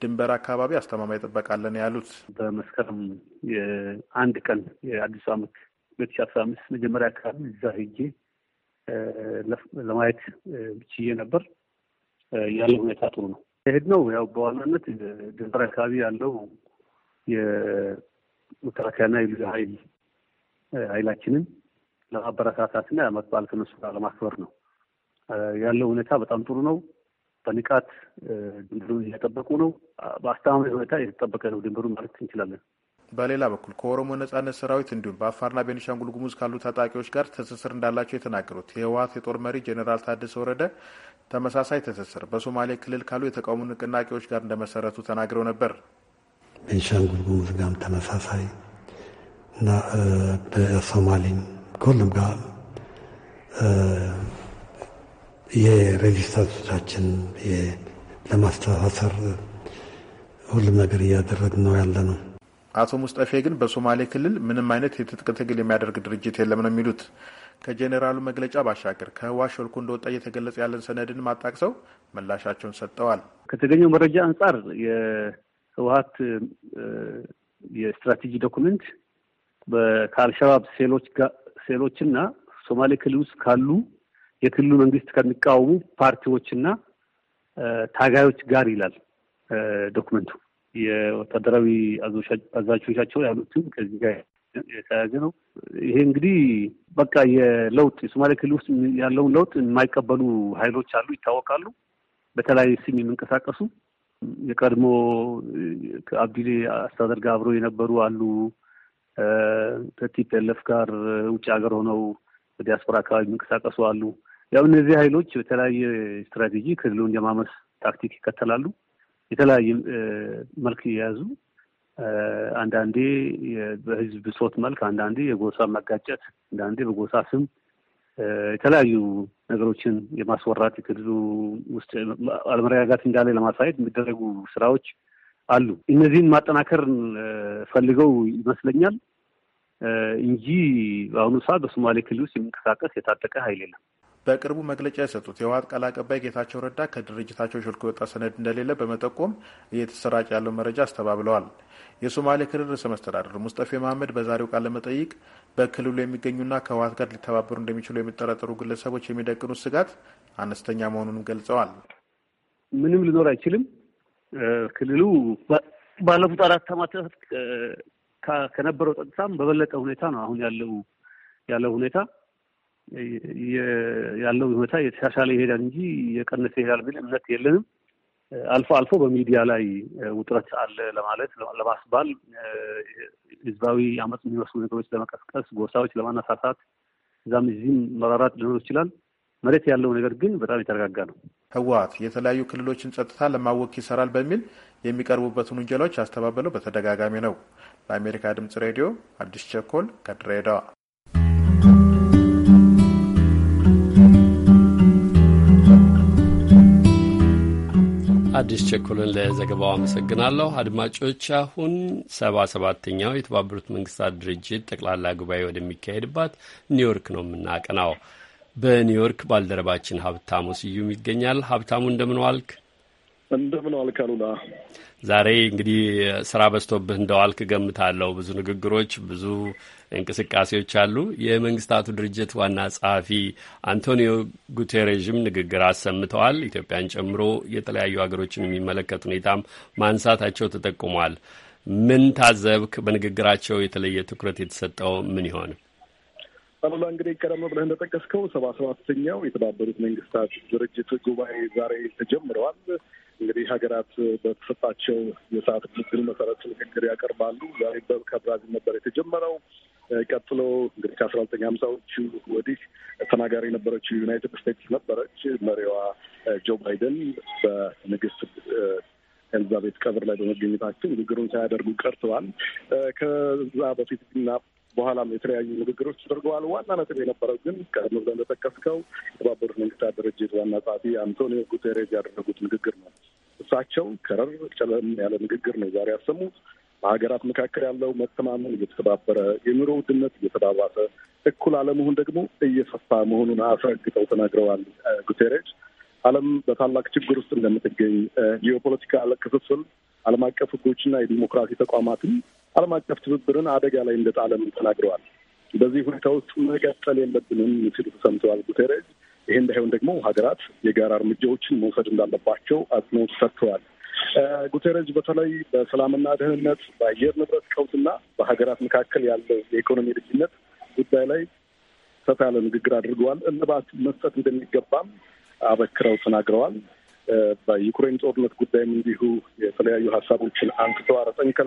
ድንበር አካባቢ አስተማማኝ ጥበቃ ያሉት በመስከረም የአንድ ቀን የአዲስ ዓመት ሁለት ሺ አስራ አምስት መጀመሪያ አካባቢ እዛ ሄጄ ለማየት ብችዬ ነበር። ያለው ሁኔታ ጥሩ ነው። ነው ያው በዋናነት ድንበር አካባቢ ያለው የመከላከያና የልዩ ኃይል ኃይላችንን ለማበረታታትና የዓመት በዓል ከነሱ ጋር ለማክበር ነው። ያለው ሁኔታ በጣም ጥሩ ነው። በንቃት ድንበሩን እየጠበቁ ነው። በአስተማማኝ ሁኔታ እየተጠበቀ ነው ድንበሩን ማለት እንችላለን። በሌላ በኩል ከኦሮሞ ነጻነት ሰራዊት እንዲሁም በአፋርና ቤኒሻንጉል ጉሙዝ ካሉ ታጣቂዎች ጋር ትስስር እንዳላቸው የተናገሩት የህወሀት የጦር መሪ ጄኔራል ታደሰ ወረደ ተመሳሳይ ትስስር በሶማሌ ክልል ካሉ የተቃውሞ ንቅናቄዎች ጋር እንደመሰረቱ ተናግረው ነበር። ቤኒሻንጉል ጉሙዝ ጋም ተመሳሳይ እና በሶማሌም ከሁሉም ጋር የሬዚስታንሶቻችን ለማስተሳሰር ሁሉም ነገር እያደረግን ነው ያለ ነው። አቶ ሙስጠፌ ግን በሶማሌ ክልል ምንም አይነት የትጥቅ ትግል የሚያደርግ ድርጅት የለም ነው የሚሉት። ከጄኔራሉ መግለጫ ባሻገር ከህዋ ሾልኮ እንደወጣ እየተገለጸ ያለን ሰነድን ማጣቅሰው ምላሻቸውን ሰጥተዋል። ከተገኘው መረጃ አንጻር የህወሀት የስትራቴጂ ዶኩመንት ከአልሸባብ ሴሎችና ሶማሌ ክልል ውስጥ ካሉ የክልሉ መንግስት ከሚቃወሙ ፓርቲዎችና ታጋዮች ጋር ይላል ዶኩመንቱ። የወታደራዊ አዛዦቻቸው ያሉትም ከዚህ ጋር የተያያዘ ነው። ይሄ እንግዲህ በቃ የለውጥ የሶማሌ ክልል ውስጥ ያለውን ለውጥ የማይቀበሉ ኃይሎች አሉ፣ ይታወቃሉ። በተለያየ ስም የሚንቀሳቀሱ የቀድሞ ከአብዲሌ አስተዳደር ጋር አብረው የነበሩ አሉ። ከቲፒኤልኤፍ ጋር ውጭ ሀገር ሆነው በዲያስፖራ አካባቢ የሚንቀሳቀሱ አሉ። ያው እነዚህ ኃይሎች በተለያየ ስትራቴጂ ክልሉን የማመስ ታክቲክ ይከተላሉ። የተለያየ መልክ የያዙ አንዳንዴ በህዝብ ብሶት መልክ፣ አንዳንዴ የጎሳ መጋጨት፣ አንዳንዴ በጎሳ ስም የተለያዩ ነገሮችን የማስወራት የክልሉ ውስጥ አለመረጋጋት እንዳለ ለማሳየት የሚደረጉ ስራዎች አሉ። እነዚህን ማጠናከር ፈልገው ይመስለኛል እንጂ በአሁኑ ሰዓት በሶማሌ ክልል ውስጥ የሚንቀሳቀስ የታጠቀ ኃይል የለም። በቅርቡ መግለጫ የሰጡት የህወሀት ቃል አቀባይ ጌታቸው ረዳ ከድርጅታቸው ሾልኮ የወጣ ሰነድ እንደሌለ በመጠቆም እየተሰራጨ ያለው መረጃ አስተባብለዋል። የሶማሌ ክልል ርዕሰ መስተዳድር ሙስጠፌ መሐመድ በዛሬው ቃለ መጠይቅ በክልሉ የሚገኙና ከህወሀት ጋር ሊተባበሩ እንደሚችሉ የሚጠረጠሩ ግለሰቦች የሚደቅኑት ስጋት አነስተኛ መሆኑንም ገልጸዋል። ምንም ሊኖር አይችልም። ክልሉ ባለፉት አራት ዓመታት ከነበረው ጸጥታም በበለጠ ሁኔታ ነው አሁን ያለው ያለው ሁኔታ ያለው ሁኔታ የተሻሻለ ይሄዳል እንጂ የቀነሰ ይሄዳል ብል እምነት የለንም። አልፎ አልፎ በሚዲያ ላይ ውጥረት አለ ለማለት ለማስባል ህዝባዊ አመፅ የሚመስሉ ነገሮች ለመቀስቀስ፣ ጎሳዎች ለማነሳሳት እዛም እዚህም መራራት ሊኖር ይችላል። መሬት ያለው ነገር ግን በጣም የተረጋጋ ነው። ህወሀት የተለያዩ ክልሎችን ጸጥታ ለማወክ ይሰራል በሚል የሚቀርቡበትን ውንጀላዎች ያስተባበለው በተደጋጋሚ ነው። ለአሜሪካ ድምጽ ሬዲዮ አዲስ ቸኮል ከድሬዳዋ አዲስ ቸኮልን ለዘገባው አመሰግናለሁ። አድማጮች አሁን ሰባ ሰባተኛው የተባበሩት መንግስታት ድርጅት ጠቅላላ ጉባኤ ወደሚካሄድባት ኒውዮርክ ነው የምናቀናው። በኒውዮርክ ባልደረባችን ሀብታሙ ስዩም ይገኛል። ሀብታሙ እንደምን ዋልክ? እንደምን ዋልክ አሉላ። ዛሬ እንግዲህ ስራ በዝቶብህ እንደዋልክ ገምታለሁ። ብዙ ንግግሮች፣ ብዙ እንቅስቃሴዎች አሉ። የመንግስታቱ ድርጅት ዋና ጸሐፊ አንቶኒዮ ጉቴሬዥም ንግግር አሰምተዋል። ኢትዮጵያን ጨምሮ የተለያዩ ሀገሮችን የሚመለከት ሁኔታም ማንሳታቸው ተጠቁሟል። ምን ታዘብክ? በንግግራቸው የተለየ ትኩረት የተሰጠው ምን ይሆን? አሉላ እንግዲህ ቀደም ብለህ እንደጠቀስከው ሰባ ሰባተኛው የተባበሩት መንግስታት ድርጅት ጉባኤ ዛሬ ተጀምረዋል። እንግዲህ ሀገራት በተሰጣቸው የሰዓት ምድል መሰረት ንግግር ያቀርባሉ። ዛሬ ከብራዚል ነበር የተጀመረው። ቀጥሎ እንግዲህ ከአስራ ዘጠኝ ሀምሳዎቹ ወዲህ ተናጋሪ የነበረችው ዩናይትድ ስቴትስ ነበረች። መሪዋ ጆ ባይደን በንግስት ኤልዛቤት ቀብር ላይ በመገኘታቸው ንግግሩን ሳያደርጉ ቀርተዋል። ከዛ በፊት ግን በኋላም የተለያዩ ንግግሮች ተደርገዋል። ነጥብ የነበረው ግን ቀደም ብለህ እንደጠቀስከው የተባበሩት መንግስታት ድርጅት ዋና ጸሐፊ አንቶኒዮ ጉቴሬዝ ያደረጉት ንግግር ነው። እሳቸው ከረር ጨለም ያለ ንግግር ነው ዛሬ ያሰሙት። በሀገራት መካከል ያለው መተማመን እየተሰባበረ፣ የኑሮ ውድነት እየተባባሰ፣ እኩል አለመሆን ደግሞ እየሰፋ መሆኑን አስረግጠው ተናግረዋል ጉቴሬዝ ዓለም በታላቅ ችግር ውስጥ እንደምትገኝ ጂኦፖለቲካል ክፍፍል፣ ዓለም አቀፍ ህጎችና የዲሞክራሲ ተቋማትን ዓለም አቀፍ ትብብርን አደጋ ላይ እንደጣለም ተናግረዋል። በዚህ ሁኔታ ውስጥ መቀጠል የለብንም ሲሉ ተሰምተዋል ጉቴሬዝ። ይህ እንዳይሆን ደግሞ ሀገራት የጋራ እርምጃዎችን መውሰድ እንዳለባቸው አጽንኦት ሰጥተዋል። ጉቴሬዝ በተለይ በሰላምና ደህንነት፣ በአየር ንብረት ቀውስና በሀገራት መካከል ያለው የኢኮኖሚ ልዩነት ጉዳይ ላይ ሰፋ ያለ ንግግር አድርገዋል። እልባት መስጠት እንደሚገባም አበክረው ተናግረዋል። በዩክሬን ጦርነት ጉዳይም እንዲሁ የተለያዩ ሀሳቦችን አንስተዋል። ጠንከ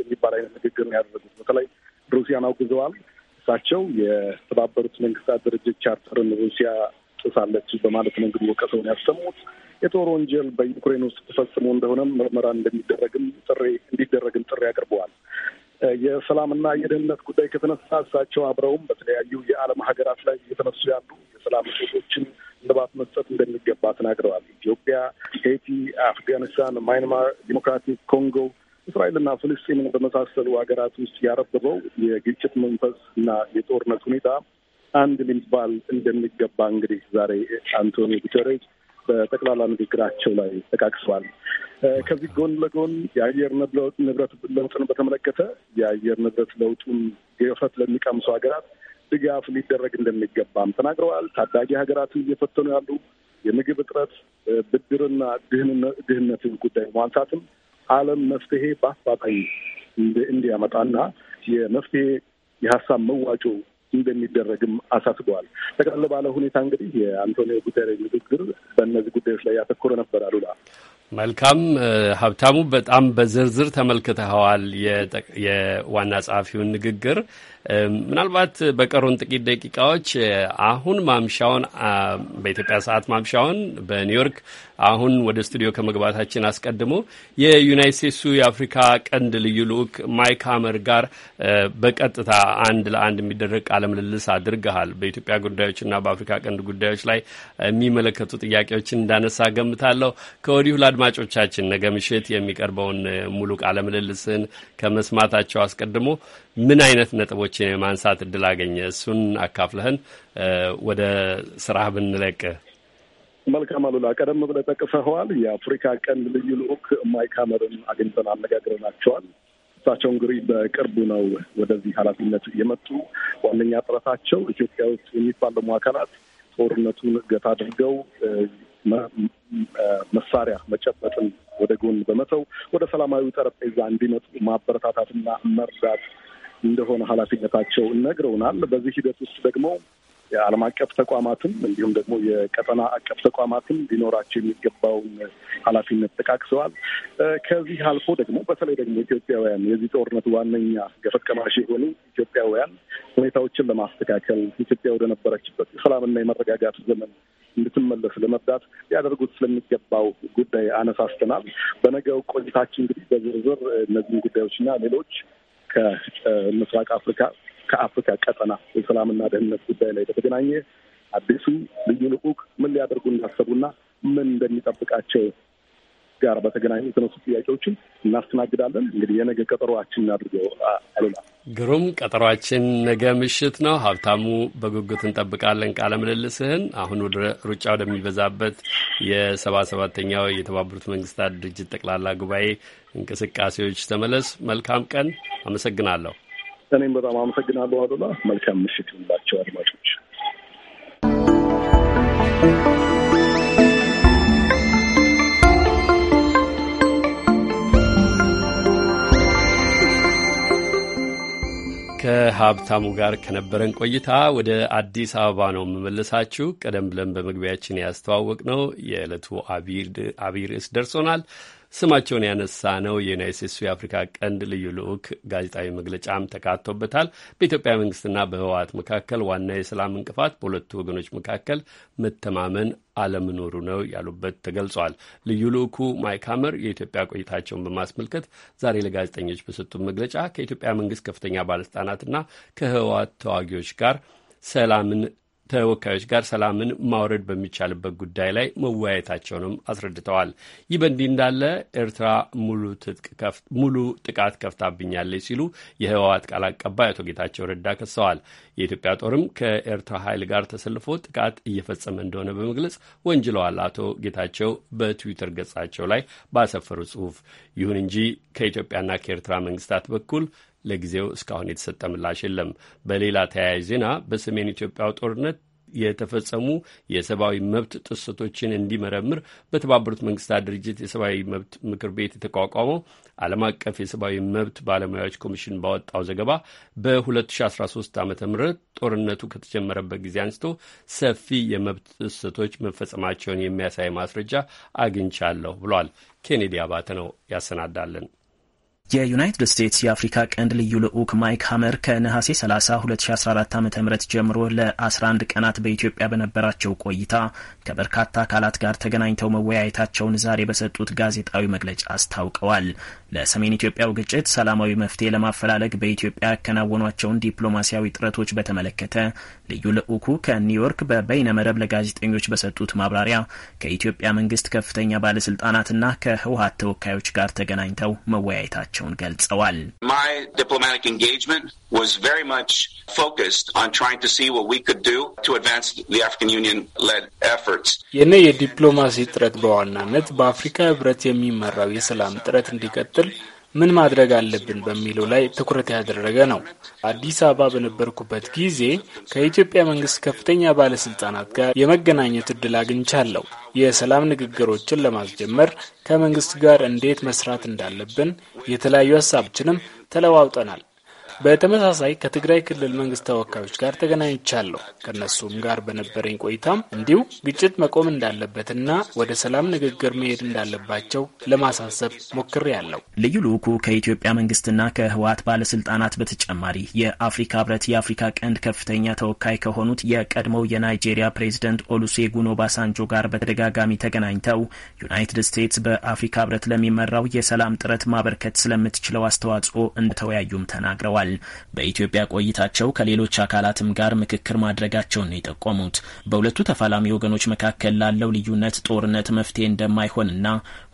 የሚባል አይነት ንግግር ነው ያደረጉት። በተለይ ሩሲያን አውግዘዋል። እሳቸው የተባበሩት መንግስታት ድርጅት ቻርተርን ሩሲያ ጥሳለች በማለት ነው እንግዲህ ወቀሰውን ያሰሙት። የጦር ወንጀል በዩክሬን ውስጥ ተፈጽሞ እንደሆነም ምርመራ እንደሚደረግም ጥሪ እንዲደረግም ጥሪ አቅርበዋል። የሰላምና የደህንነት ጉዳይ ከተነሳ እሳቸው አብረውም በተለያዩ የዓለም ሀገራት ላይ እየተነሱ ያሉ የሰላም ሴቶችን ልባት መስጠት እንደሚገባ ተናግረዋል። ኢትዮጵያ፣ ሄይቲ፣ አፍጋኒስታን፣ ማይንማር፣ ዲሞክራቲክ ኮንጎ እስራኤልና ፍልስጤምን በመሳሰሉ ሀገራት ውስጥ ያረበበው የግጭት መንፈስ እና የጦርነት ሁኔታ አንድ ሊባል እንደሚገባ እንግዲህ ዛሬ አንቶኒ ጉተሬስ በጠቅላላ ንግግራቸው ላይ ተቃቅሰዋል። ከዚህ ጎን ለጎን የአየር ንብረት ለውጥን በተመለከተ የአየር ንብረት ለውጡን ገፈት ለሚቀምሱ ሀገራት ድጋፍ ሊደረግ እንደሚገባም ተናግረዋል። ታዳጊ ሀገራትን እየፈተኑ ያሉ የምግብ እጥረት፣ ብድርና ድህነትን ጉዳይ ማንሳትም ዓለም መፍትሄ በአፋጣኝ እንዲያመጣና የመፍትሄ የሀሳብ መዋጮ እንደሚደረግም አሳስበዋል። ጠቅለል ባለ ሁኔታ እንግዲህ የአንቶኒዮ ጉተሬስ ንግግር በእነዚህ ጉዳዮች ላይ ያተኮረ ነበር። አሉላ መልካም ሀብታሙ፣ በጣም በዝርዝር ተመልክተኸዋል የዋና ጸሐፊውን ንግግር ምናልባት በቀሩን ጥቂት ደቂቃዎች አሁን ማምሻውን በኢትዮጵያ ሰዓት ማምሻውን በኒውዮርክ አሁን ወደ ስቱዲዮ ከመግባታችን አስቀድሞ የዩናይት ስቴትሱ የአፍሪካ ቀንድ ልዩ ልዑክ ማይክ ሀመር ጋር በቀጥታ አንድ ለአንድ የሚደረግ ቃለ ምልልስ አድርገሃል። በኢትዮጵያ ጉዳዮችና በአፍሪካ ቀንድ ጉዳዮች ላይ የሚመለከቱ ጥያቄዎችን እንዳነሳ ገምታለሁ። ከወዲሁ ለአድማጮቻችን ነገ ምሽት የሚቀርበውን ሙሉ ቃለ ምልልስን ከመስማታቸው አስቀድሞ ምን አይነት ነጥቦችን የማንሳት እድል አገኘ? እሱን አካፍለህን ወደ ስራህ ብንለቅ መልካም። አሉላ ቀደም ብለህ ጠቅሰኸዋል። የአፍሪካ ቀንድ ልዩ ልዑክ ማይክ ሀመርን አግኝተን አነጋግረናቸዋል። እሳቸው እንግዲህ በቅርቡ ነው ወደዚህ ኃላፊነት የመጡ። ዋነኛ ጥረታቸው ኢትዮጵያ ውስጥ የሚፋለሙ አካላት ጦርነቱን ገታ አድርገው መሳሪያ መጨበጥን ወደ ጎን በመተው ወደ ሰላማዊ ጠረጴዛ እንዲመጡ ማበረታታትና መርዳት እንደሆነ ኃላፊነታቸው ነግረውናል። በዚህ ሂደት ውስጥ ደግሞ የዓለም አቀፍ ተቋማትም እንዲሁም ደግሞ የቀጠና አቀፍ ተቋማትም ሊኖራቸው የሚገባውን ኃላፊነት ጠቃቅሰዋል። ከዚህ አልፎ ደግሞ በተለይ ደግሞ ኢትዮጵያውያን የዚህ ጦርነት ዋነኛ ገፈት ቀማሽ የሆኑ ኢትዮጵያውያን ሁኔታዎችን ለማስተካከል ኢትዮጵያ ወደነበረችበት የሰላምና የመረጋጋት ዘመን እንድትመለስ ለመርዳት ሊያደርጉት ስለሚገባው ጉዳይ አነሳስተናል። በነገው ቆይታችን እንግዲህ በዝርዝር እነዚህን ጉዳዮችና ሌሎች ከምስራቅ አፍሪካ ከአፍሪካ ቀጠና የሰላምና ደህንነት ጉዳይ ላይ በተገናኘ አዲሱ ልዩ ልዑክ ምን ሊያደርጉ እንዳሰቡና ምን እንደሚጠብቃቸው ጋር በተገናኙ የተነሱ ጥያቄዎችን እናስተናግዳለን። እንግዲህ የነገ ቀጠሯችን እናድርገው። አሉላ ግሩም ቀጠሯችን ነገ ምሽት ነው። ሀብታሙ በጉጉት እንጠብቃለን ቃለ ምልልስህን። አሁን ሩጫ ወደሚበዛበት የሰባ ሰባተኛው የተባበሩት መንግስታት ድርጅት ጠቅላላ ጉባኤ እንቅስቃሴዎች ተመለስ። መልካም ቀን። አመሰግናለሁ። እኔም በጣም አመሰግናለሁ አሉላ። መልካም ምሽት ይሁንላቸው አድማጮች። ከሀብታሙ ጋር ከነበረን ቆይታ ወደ አዲስ አበባ ነው የምመልሳችሁ። ቀደም ብለን በመግቢያችን ያስተዋወቅ ነው የዕለቱ አቢርስ ርዕስ ደርሶናል። ስማቸውን ያነሳ ነው የዩናይት ስቴትሱ የአፍሪካ ቀንድ ልዩ ልዑክ ጋዜጣዊ መግለጫም ተካቶበታል። በኢትዮጵያ መንግስትና በህወሓት መካከል ዋና የሰላም እንቅፋት በሁለቱ ወገኖች መካከል መተማመን አለመኖሩ ነው ያሉበት ተገልጿል። ልዩ ልዑኩ ማይክ ሀመር የኢትዮጵያ ቆይታቸውን በማስመልከት ዛሬ ለጋዜጠኞች በሰጡት መግለጫ ከኢትዮጵያ መንግስት ከፍተኛ ባለስልጣናትና ከህወሓት ተዋጊዎች ጋር ሰላምን ተወካዮች ጋር ሰላምን ማውረድ በሚቻልበት ጉዳይ ላይ መወያየታቸውንም አስረድተዋል። ይህ በእንዲህ እንዳለ ኤርትራ ሙሉ ጥቃት ከፍታብኛለች ሲሉ የህወሓት ቃል አቀባይ አቶ ጌታቸው ረዳ ከሰዋል። የኢትዮጵያ ጦርም ከኤርትራ ኃይል ጋር ተሰልፎ ጥቃት እየፈጸመ እንደሆነ በመግለጽ ወንጅለዋል። አቶ ጌታቸው በትዊተር ገጻቸው ላይ ባሰፈሩ ጽሁፍ ይሁን እንጂ ከኢትዮጵያና ከኤርትራ መንግስታት በኩል ለጊዜው እስካሁን የተሰጠ ምላሽ የለም። በሌላ ተያያዥ ዜና በሰሜን ኢትዮጵያው ጦርነት የተፈጸሙ የሰብአዊ መብት ጥሰቶችን እንዲመረምር በተባበሩት መንግስታት ድርጅት የሰብአዊ መብት ምክር ቤት የተቋቋመው ዓለም አቀፍ የሰብአዊ መብት ባለሙያዎች ኮሚሽን ባወጣው ዘገባ በ2013 ዓ ም ጦርነቱ ከተጀመረበት ጊዜ አንስቶ ሰፊ የመብት ጥሰቶች መፈጸማቸውን የሚያሳይ ማስረጃ አግኝቻለሁ ብሏል። ኬኔዲ አባተ ነው ያሰናዳለን። የዩናይትድ ስቴትስ የአፍሪካ ቀንድ ልዩ ልዑክ ማይክ ሀመር ከነሐሴ 30 2014 ዓ ም ጀምሮ ለ11 ቀናት በኢትዮጵያ በነበራቸው ቆይታ ከበርካታ አካላት ጋር ተገናኝተው መወያየታቸውን ዛሬ በሰጡት ጋዜጣዊ መግለጫ አስታውቀዋል። ለሰሜን ኢትዮጵያው ግጭት ሰላማዊ መፍትሄ ለማፈላለግ በኢትዮጵያ ያከናወኗቸውን ዲፕሎማሲያዊ ጥረቶች በተመለከተ ልዩ ልዑኩ ከኒውዮርክ መረብ ለጋዜጠኞች በሰጡት ማብራሪያ ከኢትዮጵያ መንግስት ከፍተኛ ባለስልጣናትና ከህወሀት ተወካዮች ጋር ተገናኝተው መወያየታቸው መሆናቸውን ገልጸዋል። የእኔ የዲፕሎማሲ ጥረት በዋናነት በአፍሪካ ህብረት የሚመራው የሰላም ጥረት እንዲቀጥል ምን ማድረግ አለብን በሚለው ላይ ትኩረት ያደረገ ነው። አዲስ አበባ በነበርኩበት ጊዜ ከኢትዮጵያ መንግስት ከፍተኛ ባለስልጣናት ጋር የመገናኘት እድል አግኝቻለሁ። የሰላም ንግግሮችን ለማስጀመር ከመንግስት ጋር እንዴት መስራት እንዳለብን የተለያዩ ሀሳቦችንም ተለዋውጠናል። በተመሳሳይ ከትግራይ ክልል መንግስት ተወካዮች ጋር ተገናኝቻለሁ። ከነሱም ጋር በነበረኝ ቆይታም እንዲሁ ግጭት መቆም እንዳለበትና ወደ ሰላም ንግግር መሄድ እንዳለባቸው ለማሳሰብ ሞክሬያለሁ። ልዩ ልዑኩ ከኢትዮጵያ መንግስትና ከህወሓት ባለስልጣናት በተጨማሪ የአፍሪካ ህብረት የአፍሪካ ቀንድ ከፍተኛ ተወካይ ከሆኑት የቀድሞው የናይጄሪያ ፕሬዚደንት ኦሉሴጉን ኦባሳንጆ ጋር በተደጋጋሚ ተገናኝተው ዩናይትድ ስቴትስ በአፍሪካ ህብረት ለሚመራው የሰላም ጥረት ማበርከት ስለምትችለው አስተዋጽኦ እንደተወያዩም ተናግረዋል። ገልጸዋል። በኢትዮጵያ ቆይታቸው ከሌሎች አካላትም ጋር ምክክር ማድረጋቸውን ነው የጠቆሙት። በሁለቱ ተፋላሚ ወገኖች መካከል ላለው ልዩነት ጦርነት መፍትሄ እንደማይሆንና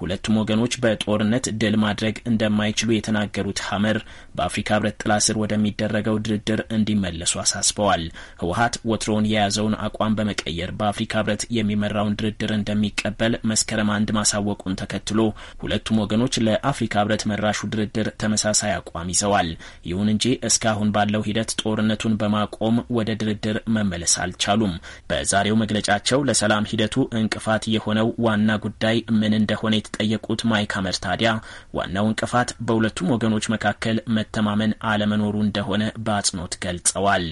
ሁለቱም ወገኖች በጦርነት ድል ማድረግ እንደማይችሉ የተናገሩት ሀመር በአፍሪካ ህብረት ጥላ ስር ወደሚደረገው ድርድር እንዲመለሱ አሳስበዋል። ህወሀት ወትሮውን የያዘውን አቋም በመቀየር በአፍሪካ ህብረት የሚመራውን ድርድር እንደሚቀበል መስከረም አንድ ማሳወቁን ተከትሎ ሁለቱም ወገኖች ለአፍሪካ ህብረት መራሹ ድርድር ተመሳሳይ አቋም ይዘዋል። ይሁን እንጂ እንጂ እስካሁን ባለው ሂደት ጦርነቱን በማቆም ወደ ድርድር መመለስ አልቻሉም። በዛሬው መግለጫቸው ለሰላም ሂደቱ እንቅፋት የሆነው ዋና ጉዳይ ምን እንደሆነ የተጠየቁት ማይክ ሀመር ታዲያ ዋናው እንቅፋት በሁለቱም ወገኖች መካከል መተማመን አለመኖሩ እንደሆነ በአጽንኦት ገልጸዋል።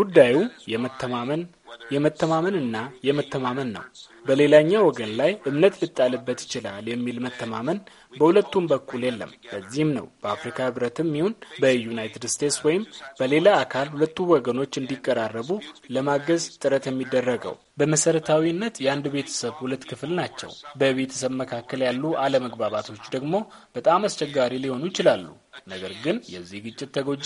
ጉዳዩ የመተማመን የመተማመንና የመተማመን ነው። በሌላኛው ወገን ላይ እምነት ሊጣልበት ይችላል የሚል መተማመን በሁለቱም በኩል የለም። በዚህም ነው በአፍሪካ ህብረትም ይሁን በዩናይትድ ስቴትስ ወይም በሌላ አካል ሁለቱ ወገኖች እንዲቀራረቡ ለማገዝ ጥረት የሚደረገው። በመሰረታዊነት የአንድ ቤተሰብ ሁለት ክፍል ናቸው። በቤተሰብ መካከል ያሉ አለመግባባቶች ደግሞ በጣም አስቸጋሪ ሊሆኑ ይችላሉ። ነገር ግን የዚህ ግጭት ተጎጂ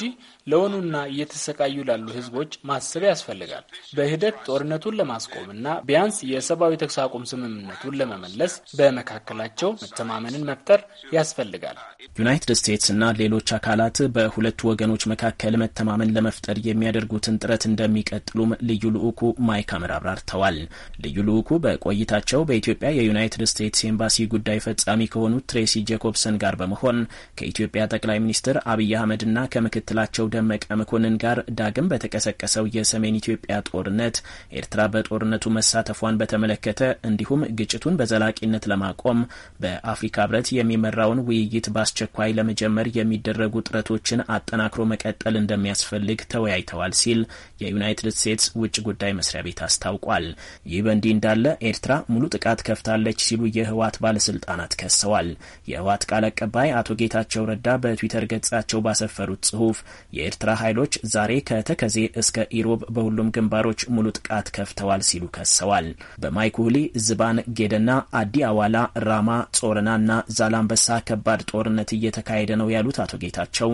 ለሆኑና እየተሰቃዩ ላሉ ህዝቦች ማሰብ ያስፈልጋል። በሂደት ጦርነቱን ለማስቆም ቢያንስ የሰብአዊ ተኩስ አቁም ስምምነቱን ለመመለስ በመካከላቸው መተማመንን መፍጠር ያስፈልጋል። ዩናይትድ ስቴትስ እና ሌሎች አካላት በሁለቱ ወገኖች መካከል መተማመን ለመፍጠር የሚያደርጉትን ጥረት እንደሚቀጥሉም ልዩ ልዑኩ ማይክ አመር አብራርተዋል። ልዩ ልዑኩ በቆይታቸው በኢትዮጵያ የዩናይትድ ስቴትስ ኤምባሲ ጉዳይ ፈጻሚ ከሆኑት ትሬሲ ጄኮብሰን ጋር በመሆን ከኢትዮጵያ ጠቅላይ ጠቅላይ ሚኒስትር አብይ አህመድና ከምክትላቸው ደመቀ መኮንን ጋር ዳግም በተቀሰቀሰው የሰሜን ኢትዮጵያ ጦርነት ኤርትራ በጦርነቱ መሳተፏን በተመለከተ እንዲሁም ግጭቱን በዘላቂነት ለማቆም በአፍሪካ ህብረት የሚመራውን ውይይት በአስቸኳይ ለመጀመር የሚደረጉ ጥረቶችን አጠናክሮ መቀጠል እንደሚያስፈልግ ተወያይተዋል ሲል የዩናይትድ ስቴትስ ውጭ ጉዳይ መስሪያ ቤት አስታውቋል። ይህ በእንዲህ እንዳለ ኤርትራ ሙሉ ጥቃት ከፍታለች ሲሉ የህወሓት ባለስልጣናት ከሰዋል። የህወሓት ቃል አቀባይ አቶ ጌታቸው ረዳ በትዊ የትዊተር ገጻቸው ባሰፈሩት ጽሁፍ የኤርትራ ኃይሎች ዛሬ ከተከዜ እስከ ኢሮብ በሁሉም ግንባሮች ሙሉ ጥቃት ከፍተዋል ሲሉ ከሰዋል። በማይኩሊ፣ ዝባን፣ ጌደና፣ አዲ አዋላ፣ ራማ፣ ጾረና እና ዛላምበሳ ከባድ ጦርነት እየተካሄደ ነው ያሉት አቶ ጌታቸው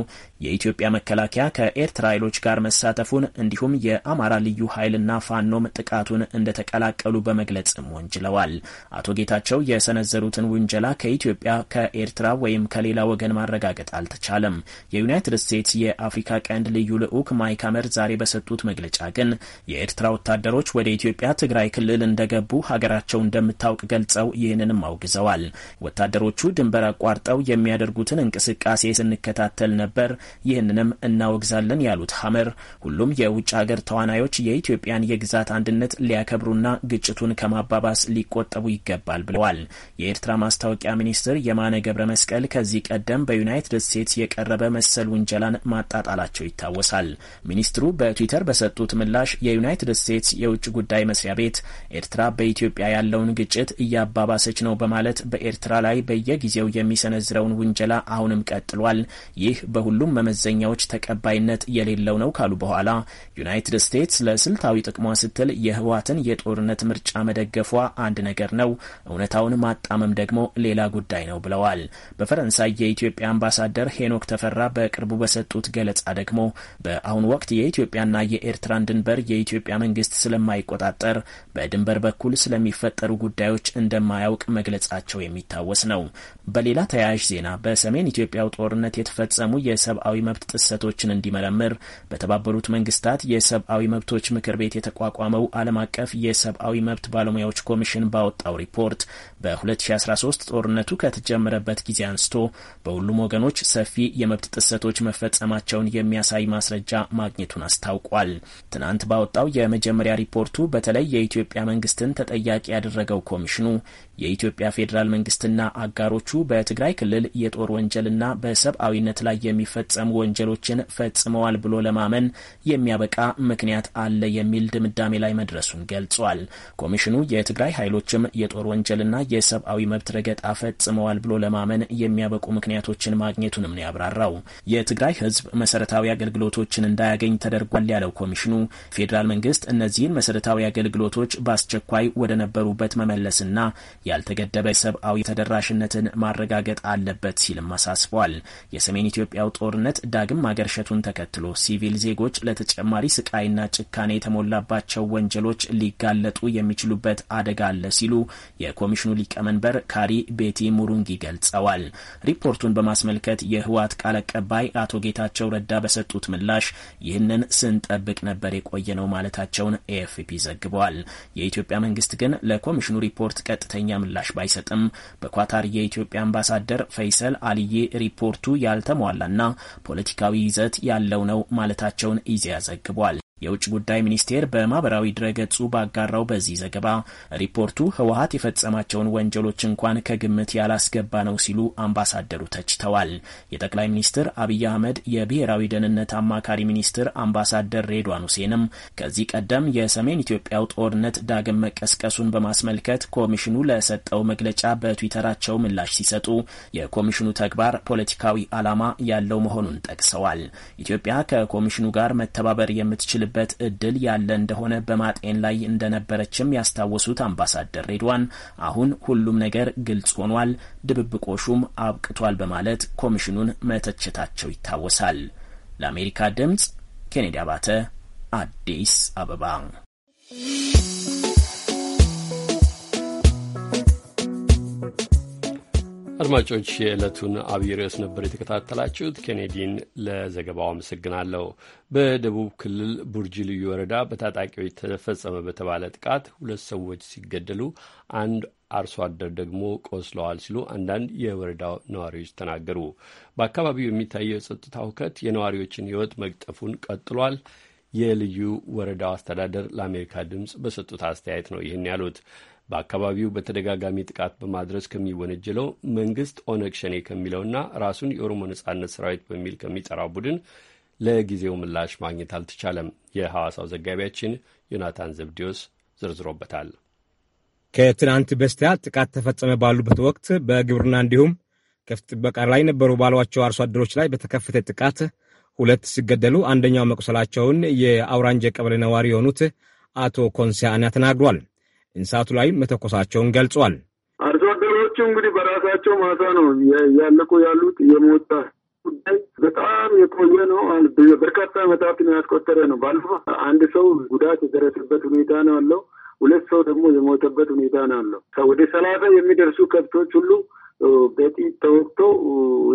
የኢትዮጵያ መከላከያ ከኤርትራ ኃይሎች ጋር መሳተፉን እንዲሁም የአማራ ልዩ ኃይልና ፋኖም ጥቃቱን እንደተቀላቀሉ በመግለጽም ወንጅለዋል። አቶ ጌታቸው የሰነዘሩትን ውንጀላ ከኢትዮጵያ ከኤርትራ ወይም ከሌላ ወገን ማረጋገጥ አልተቻለም። አልቻለም። የዩናይትድ ስቴትስ የአፍሪካ ቀንድ ልዩ ልዑክ ማይክ አመር ዛሬ በሰጡት መግለጫ ግን የኤርትራ ወታደሮች ወደ ኢትዮጵያ ትግራይ ክልል እንደገቡ ሀገራቸው እንደምታውቅ ገልጸው ይህንንም አውግዘዋል። ወታደሮቹ ድንበር አቋርጠው የሚያደርጉትን እንቅስቃሴ ስንከታተል ነበር፣ ይህንንም እናወግዛለን ያሉት ሀመር ሁሉም የውጭ ሀገር ተዋናዮች የኢትዮጵያን የግዛት አንድነት ሊያከብሩና ግጭቱን ከማባባስ ሊቆጠቡ ይገባል ብለዋል። የኤርትራ ማስታወቂያ ሚኒስትር የማነ ገብረ መስቀል ከዚህ ቀደም በዩናይትድ ስቴትስ የቀረበ መሰል ውንጀላን ማጣጣላቸው ይታወሳል። ሚኒስትሩ በትዊተር በሰጡት ምላሽ የዩናይትድ ስቴትስ የውጭ ጉዳይ መስሪያ ቤት ኤርትራ በኢትዮጵያ ያለውን ግጭት እያባባሰች ነው በማለት በኤርትራ ላይ በየጊዜው የሚሰነዝረውን ውንጀላ አሁንም ቀጥሏል። ይህ በሁሉም መመዘኛዎች ተቀባይነት የሌለው ነው ካሉ በኋላ ዩናይትድ ስቴትስ ለስልታዊ ጥቅሟ ስትል የህወሓትን የጦርነት ምርጫ መደገፏ አንድ ነገር ነው፣ እውነታውን ማጣመም ደግሞ ሌላ ጉዳይ ነው ብለዋል። በፈረንሳይ የኢትዮጵያ አምባሳደር ሄኖክ ተፈራ በቅርቡ በሰጡት ገለጻ ደግሞ በአሁኑ ወቅት የኢትዮጵያና የኤርትራን ድንበር የኢትዮጵያ መንግስት ስለማይቆጣጠር በድንበር በኩል ስለሚፈጠሩ ጉዳዮች እንደማያውቅ መግለጻቸው የሚታወስ ነው። በሌላ ተያያዥ ዜና በሰሜን ኢትዮጵያው ጦርነት የተፈጸሙ የሰብአዊ መብት ጥሰቶችን እንዲመረምር በተባበሩት መንግስታት የሰብአዊ መብቶች ምክር ቤት የተቋቋመው ዓለም አቀፍ የሰብአዊ መብት ባለሙያዎች ኮሚሽን ባወጣው ሪፖርት በ2013 ጦርነቱ ከተጀመረበት ጊዜ አንስቶ በሁሉም ወገኖች ሰፊ የመብት ጥሰቶች መፈጸማቸውን የሚያሳይ ማስረጃ ማግኘቱን አስታውቋል። ትናንት ባወጣው የመጀመሪያ ሪፖርቱ በተለይ የኢትዮጵያ መንግስትን ተጠያቂ ያደረገው ኮሚሽኑ የኢትዮጵያ ፌዴራል መንግስትና አጋሮቹ በትግራይ ክልል የጦር ወንጀልና በሰብአዊነት ላይ የሚፈጸሙ ወንጀሎችን ፈጽመዋል ብሎ ለማመን የሚያበቃ ምክንያት አለ የሚል ድምዳሜ ላይ መድረሱን ገልጿል። ኮሚሽኑ የትግራይ ኃይሎችም የጦር ወንጀልና የሰብአዊ መብት ረገጣ ፈጽመዋል ብሎ ለማመን የሚያበቁ ምክንያቶችን ማግኘቱንም ነው ያብራራው። የትግራይ ህዝብ መሰረታዊ አገልግሎቶችን እንዳያገኝ ተደርጓል ያለው ኮሚሽኑ ፌዴራል መንግስት እነዚህን መሰረታዊ አገልግሎቶች በአስቸኳይ ወደ ነበሩበት መመለስና ያልተገደበ ሰብአዊ ተደራሽነትን ማረጋገጥ አለበት ሲልም አሳስቧል። የሰሜን ኢትዮጵያው ጦርነት ዳግም ማገርሸቱን ተከትሎ ሲቪል ዜጎች ለተጨማሪ ስቃይና ጭካኔ የተሞላባቸው ወንጀሎች ሊጋለጡ የሚችሉበት አደጋ አለ ሲሉ የኮሚሽኑ ሊቀመንበር ካሪ ቤቲ ሙሩንጊ ገልጸዋል። ሪፖርቱን በማስመልከት የህወሓት ቃል አቀባይ አቶ ጌታቸው ረዳ በሰጡት ምላሽ ይህንን ስንጠብቅ ነበር የቆየ ነው ማለታቸውን ኤኤፍፒ ዘግበዋል። የኢትዮጵያ መንግስት ግን ለኮሚሽኑ ሪፖርት ቀጥተኛ ምላሽ ባይሰጥም በኳታር የኢትዮጵያ አምባሳደር ፈይሰል አልዬ ሪፖርቱ ያልተሟላና ፖለቲካዊ ይዘት ያለው ነው ማለታቸውን ኢዜአ ዘግቧል። የውጭ ጉዳይ ሚኒስቴር በማህበራዊ ድረገጹ ባጋራው በዚህ ዘገባ ሪፖርቱ ህወሀት የፈጸማቸውን ወንጀሎች እንኳን ከግምት ያላስገባ ነው ሲሉ አምባሳደሩ ተችተዋል። የጠቅላይ ሚኒስትር አብይ አህመድ የብሔራዊ ደህንነት አማካሪ ሚኒስትር አምባሳደር ሬድዋን ሁሴንም ከዚህ ቀደም የሰሜን ኢትዮጵያው ጦርነት ዳግም መቀስቀሱን በማስመልከት ኮሚሽኑ ለሰጠው መግለጫ በትዊተራቸው ምላሽ ሲሰጡ የኮሚሽኑ ተግባር ፖለቲካዊ ዓላማ ያለው መሆኑን ጠቅሰዋል። ኢትዮጵያ ከኮሚሽኑ ጋር መተባበር የምትችል የምንችልበት እድል ያለ እንደሆነ በማጤን ላይ እንደነበረችም ያስታወሱት አምባሳደር ሬድዋን አሁን ሁሉም ነገር ግልጽ ሆኗል፣ ድብብቆሹም አብቅቷል በማለት ኮሚሽኑን መተቸታቸው ይታወሳል። ለአሜሪካ ድምጽ ኬኔዲ አባተ አዲስ አበባ አድማጮች የዕለቱን አብይ ርዕስ ነበር የተከታተላችሁት። ኬኔዲን ለዘገባው አመሰግናለሁ። በደቡብ ክልል ቡርጂ ልዩ ወረዳ በታጣቂዎች ተፈጸመ በተባለ ጥቃት ሁለት ሰዎች ሲገደሉ አንድ አርሶ አደር ደግሞ ቆስለዋል ሲሉ አንዳንድ የወረዳው ነዋሪዎች ተናገሩ። በአካባቢው የሚታየው የጸጥታ ሁከት የነዋሪዎችን ሕይወት መቅጠፉን ቀጥሏል። የልዩ ወረዳው አስተዳደር ለአሜሪካ ድምፅ በሰጡት አስተያየት ነው ይህን ያሉት። በአካባቢው በተደጋጋሚ ጥቃት በማድረስ ከሚወነጀለው መንግስት ኦነግ ሸኔ ከሚለውና ራሱን የኦሮሞ ነጻነት ሰራዊት በሚል ከሚጠራው ቡድን ለጊዜው ምላሽ ማግኘት አልተቻለም። የሐዋሳው ዘጋቢያችን ዮናታን ዘብዲዮስ ዝርዝሮበታል። ከትናንት በስቲያ ጥቃት ተፈጸመ ባሉበት ወቅት በግብርና እንዲሁም ከፍት ጥበቃ ላይ ነበሩ ባሏቸው አርሶ አደሮች ላይ በተከፈተ ጥቃት ሁለት ሲገደሉ አንደኛው መቁሰላቸውን የአውራንጀ ቀበሌ ነዋሪ የሆኑት አቶ ኮንሲያ ተናግሯል። እንስሳቱ ላይ መተኮሳቸውን ገልጿል። አርሶ አደሮቹ እንግዲህ በራሳቸው ማሳ ነው ያለቁ ያሉት። የሞጣ ጉዳይ በጣም የቆየ ነው። በርካታ ዓመታትን ያስቆጠረ ነው። ባለፈው አንድ ሰው ጉዳት የደረሰበት ሁኔታ ነው ያለው። ሁለት ሰው ደግሞ የሞተበት ሁኔታ ነው ያለው። ወደ ሰላሳ የሚደርሱ ከብቶች ሁሉ በጢ ተወቅቶ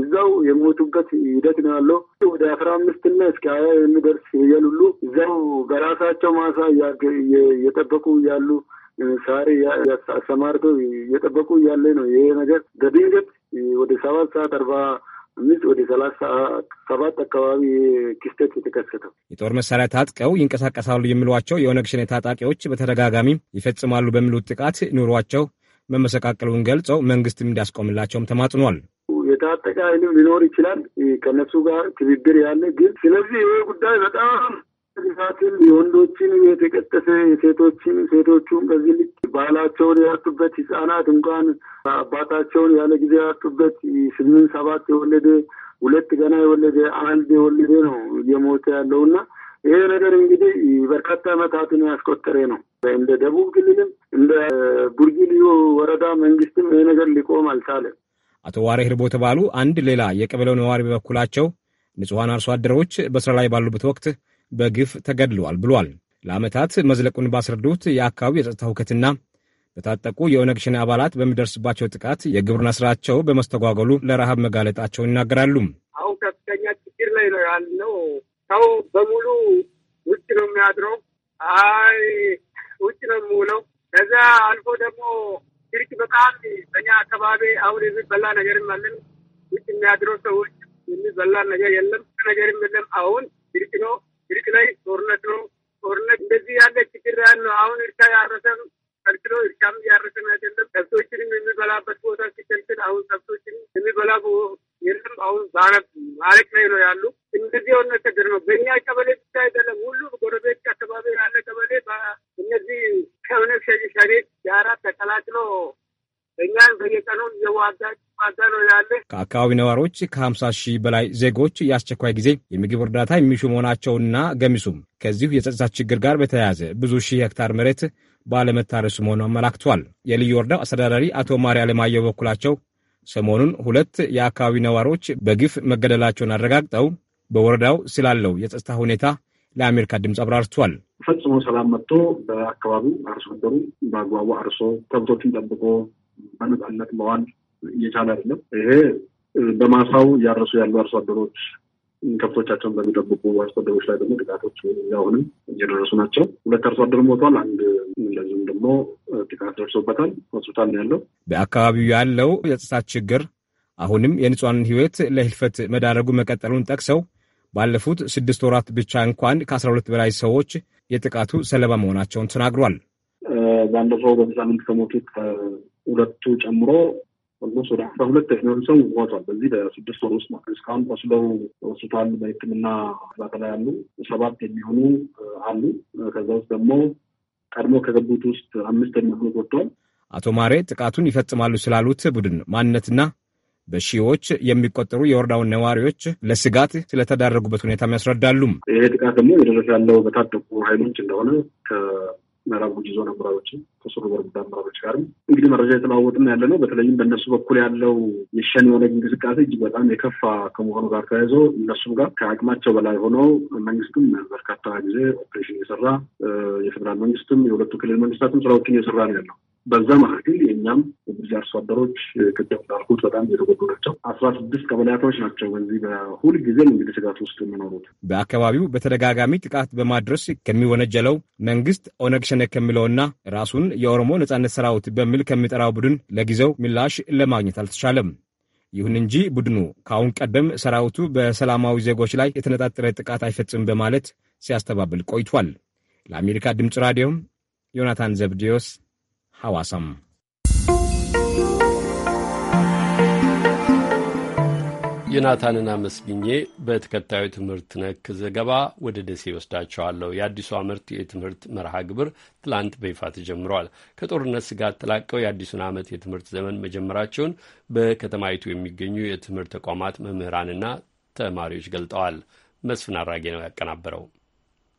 እዛው የሞቱበት ሂደት ነው ያለው። ወደ አስራ አምስትና እስከ ሀያ የሚደርስ ፍየል ሁሉ እዛው በራሳቸው ማሳ እየጠበቁ ያሉ ሳሪ አሰማርተው እየጠበቁ እያለ ነው። ይሄ ነገር በድንገት ወደ ሰባት ሰዓት አርባ አምስት ወደ ሰላሳ ሰባት አካባቢ ክስተት የተከሰተው የጦር መሳሪያ ታጥቀው ይንቀሳቀሳሉ የሚሏቸው የኦነግ ሸኔ ታጣቂዎች በተደጋጋሚ ይፈጽማሉ በሚሉት ጥቃት ኑሯቸው መመሰቃቀሉን ገልጸው መንግስትም እንዲያስቆምላቸውም ተማጽኗል። የታጠቀ ኃይልም ሊኖር ይችላል ከነሱ ጋር ትብብር ያለ ግን፣ ስለዚህ ይሄ ጉዳይ በጣም ግዛትም የወንዶችን የተቀጠፈ የሴቶችን ሴቶቹን በዚህ ልክ ባህላቸውን ያጡበት ህጻናት እንኳን አባታቸውን ያለ ጊዜ ያጡበት ስምንት ሰባት የወለደ ሁለት ገና የወለደ አንድ የወለደ ነው እየሞተ ያለው እና ይሄ ነገር እንግዲህ በርካታ ዓመታትን ያስቆጠረ ነው። እንደ ደቡብ ክልልም እንደ ቡርጊ ልዩ ወረዳ መንግስትም ይሄ ነገር ሊቆም አልቻለም። አቶ ዋሬ ህርቦ የተባሉ አንድ ሌላ የቀበሌው ነዋሪ በበኩላቸው ንጹሐን አርሶ አደሮች በስራ ላይ ባሉበት ወቅት በግፍ ተገድለዋል ብሏል። ለዓመታት መዝለቁን ባስረዱት የአካባቢው የጸጥታ ሁከትና በታጠቁ የኦነግ ሸኔ አባላት በሚደርስባቸው ጥቃት የግብርና ስራቸው በመስተጓጎሉ ለረሃብ መጋለጣቸውን ይናገራሉ። አሁን ከፍተኛ ችግር ላይ ነው ያልነው። ሰው በሙሉ ውጭ ነው የሚያድረው፣ አይ ውጭ ነው የሚውለው። ከዚያ አልፎ ደግሞ ድርቅ በጣም በኛ አካባቢ አሁን የሚበላ ነገርም አለን። ውጭ የሚያድረው ሰዎች የሚበላ ነገር የለም፣ ነገርም የለም። አሁን ድርቅ ነው። ግሪክ ላይ ጦርነት ነው። ጦርነት እንደዚህ ያለ ችግር ያለው አሁን እርሻ ያረሰ ቀልቅሎ እርሻም እያረሰም አይደለም። ከብቶችንም የሚበላበት ቦታ ሲከልክል አሁን ከብቶችንም የሚበላ የለም። አሁን በአረብ ማለቅ ላይ ነው ያሉ። እንደዚህ የሆነ ችግር ነው። በእኛ ቀበሌ ብቻ አይደለም፣ ሁሉ ጎረቤት አካባቢ ያለ ቀበሌ እነዚህ ከሆነ ሸኔ ጋራ ተቀላቅሎ እኛን በየቀኑ እየዋጋ ዋጋ ነው ያለ። ከአካባቢ ነዋሪዎች ከሀምሳ ሺህ በላይ ዜጎች የአስቸኳይ ጊዜ የምግብ እርዳታ የሚሹ መሆናቸውና ገሚሱም ከዚሁ የጸጥታ ችግር ጋር በተያያዘ ብዙ ሺህ ሄክታር መሬት ባለመታረሱ መሆኑ አመላክቷል። የልዩ ወረዳው አስተዳዳሪ አቶ ማሪ አለማየሁ በኩላቸው ሰሞኑን ሁለት የአካባቢ ነዋሪዎች በግፍ መገደላቸውን አረጋግጠው በወረዳው ስላለው የጸጥታ ሁኔታ ለአሜሪካ ድምፅ አብራርቷል። ፈጽሞ ሰላም መጥቶ በአካባቢው አርሶ አደሩ በአግባቡ አርሶ ከብቶችን ጠብቆ በነፃነት መዋል እየቻለ አይደለም። ይሄ በማሳው እያረሱ ያሉ አርሶ አደሮች ከብቶቻቸውን በሚጠብቁ አርሶ አደሮች ላይ ደግሞ ጥቃቶች አሁንም እየደረሱ ናቸው። ሁለት አርሶ አደር ሞቷል። አንድ እንደዚሁም ደግሞ ጥቃት ደርሶበታል፣ ሆስፒታል ነው ያለው። በአካባቢው ያለው የጸጥታ ችግር አሁንም የንጹሐንን ሕይወት ለህልፈት መዳረጉ መቀጠሉን ጠቅሰው ባለፉት ስድስት ወራት ብቻ እንኳን ከአስራ ሁለት በላይ ሰዎች የጥቃቱ ሰለባ መሆናቸውን ተናግሯል። ባለፈው በሳምንት ከሞቱት ሁለቱ ጨምሮ ኦልሞስ ወደ አስራ ሁለት የሚሆኑ ሰው ዋቷል በዚህ በስድስት ወር ውስጥ ማለት እስካሁን ቆስለው ወስቷል በህክምና እርዳታ ላይ ያሉ ሰባት የሚሆኑ አሉ። ከዛ ውስጥ ደግሞ ቀድሞ ከገቡት ውስጥ አምስት የሚሆኑ ወጥቷል አቶ ማሬ ጥቃቱን ይፈጽማሉ ስላሉት ቡድን ማንነትና በሺዎች የሚቆጠሩ የወረዳውን ነዋሪዎች ለስጋት ስለተዳረጉበት ሁኔታም ያስረዳሉም። ይሄ ጥቃት ደግሞ የደረሰ ያለው በታጠቁ ኃይሎች እንደሆነ ምዕራብ ጉጂ ዞን አመራሮችም ከሱሩ በርጉዳ አመራሮች ጋርም እንግዲህ መረጃ የተለዋወጥን ያለ ነው። በተለይም በእነሱ በኩል ያለው የሸኔ ኦነግ እንቅስቃሴ እጅግ በጣም የከፋ ከመሆኑ ጋር ተያይዞ እነሱም ጋር ከአቅማቸው በላይ ሆነው መንግስትም በርካታ ጊዜ ኦፕሬሽን እየሰራ የፌዴራል መንግስትም የሁለቱ ክልል መንግስታትም ስራዎችን እየሰራ ነው ያለው። በዛ መካከል የእኛም የጉጂ አርሶ አደሮች ቅድም እንዳልኩት በጣም የተጎዱ ናቸው። አስራ ስድስት ቀበሌያቶች ናቸው በዚህ በሁል ጊዜም እንግዲህ ስጋት ውስጥ የሚኖሩት። በአካባቢው በተደጋጋሚ ጥቃት በማድረስ ከሚወነጀለው መንግስት ኦነግ ሸኔ ከሚለውና ራሱን የኦሮሞ ነጻነት ሰራዊት በሚል ከሚጠራው ቡድን ለጊዜው ምላሽ ለማግኘት አልተቻለም። ይሁን እንጂ ቡድኑ ከአሁን ቀደም ሰራዊቱ በሰላማዊ ዜጎች ላይ የተነጣጠረ ጥቃት አይፈጽም በማለት ሲያስተባብል ቆይቷል። ለአሜሪካ ድምፅ ራዲዮም ዮናታን ዘብዲዮስ ሐዋሳም። ዮናታንን አመስግኜ በተከታዩ ትምህርት ነክ ዘገባ ወደ ደሴ ወስዳቸዋለሁ። የአዲሱ ዓመት የትምህርት መርሃ ግብር ትላንት በይፋ ተጀምረዋል። ከጦርነት ስጋት ተላቀው የአዲሱን ዓመት የትምህርት ዘመን መጀመራቸውን በከተማይቱ የሚገኙ የትምህርት ተቋማት መምህራንና ተማሪዎች ገልጠዋል። መስፍን አራጌ ነው ያቀናበረው።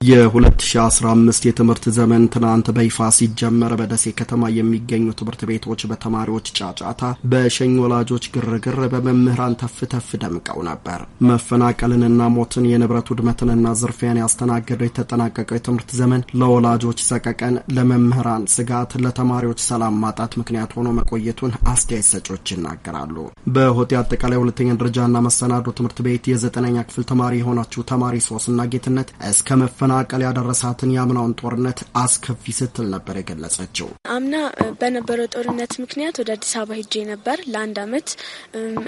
የ2015 የትምህርት ዘመን ትናንት በይፋ ሲጀመር በደሴ ከተማ የሚገኙ ትምህርት ቤቶች በተማሪዎች ጫጫታ፣ በሸኝ ወላጆች ግርግር፣ በመምህራን ተፍ ተፍ ደምቀው ነበር። መፈናቀልንና ሞትን የንብረት ውድመትንና ዝርፊያን ያስተናገደው የተጠናቀቀው የትምህርት ዘመን ለወላጆች ሰቀቀን፣ ለመምህራን ስጋት፣ ለተማሪዎች ሰላም ማጣት ምክንያት ሆኖ መቆየቱን አስተያየት ሰጮች ይናገራሉ። በሆቴ አጠቃላይ ሁለተኛ ደረጃና መሰናዶ ትምህርት ቤት የዘጠነኛ ክፍል ተማሪ የሆነችው ተማሪ ሶስና ጌትነት እስከ መፈ መፈናቀል ያደረሳትን የአምናውን ጦርነት አስከፊ ስትል ነበር የገለጸችው። አምና በነበረው ጦርነት ምክንያት ወደ አዲስ አበባ ሄጄ ነበር ለአንድ አመት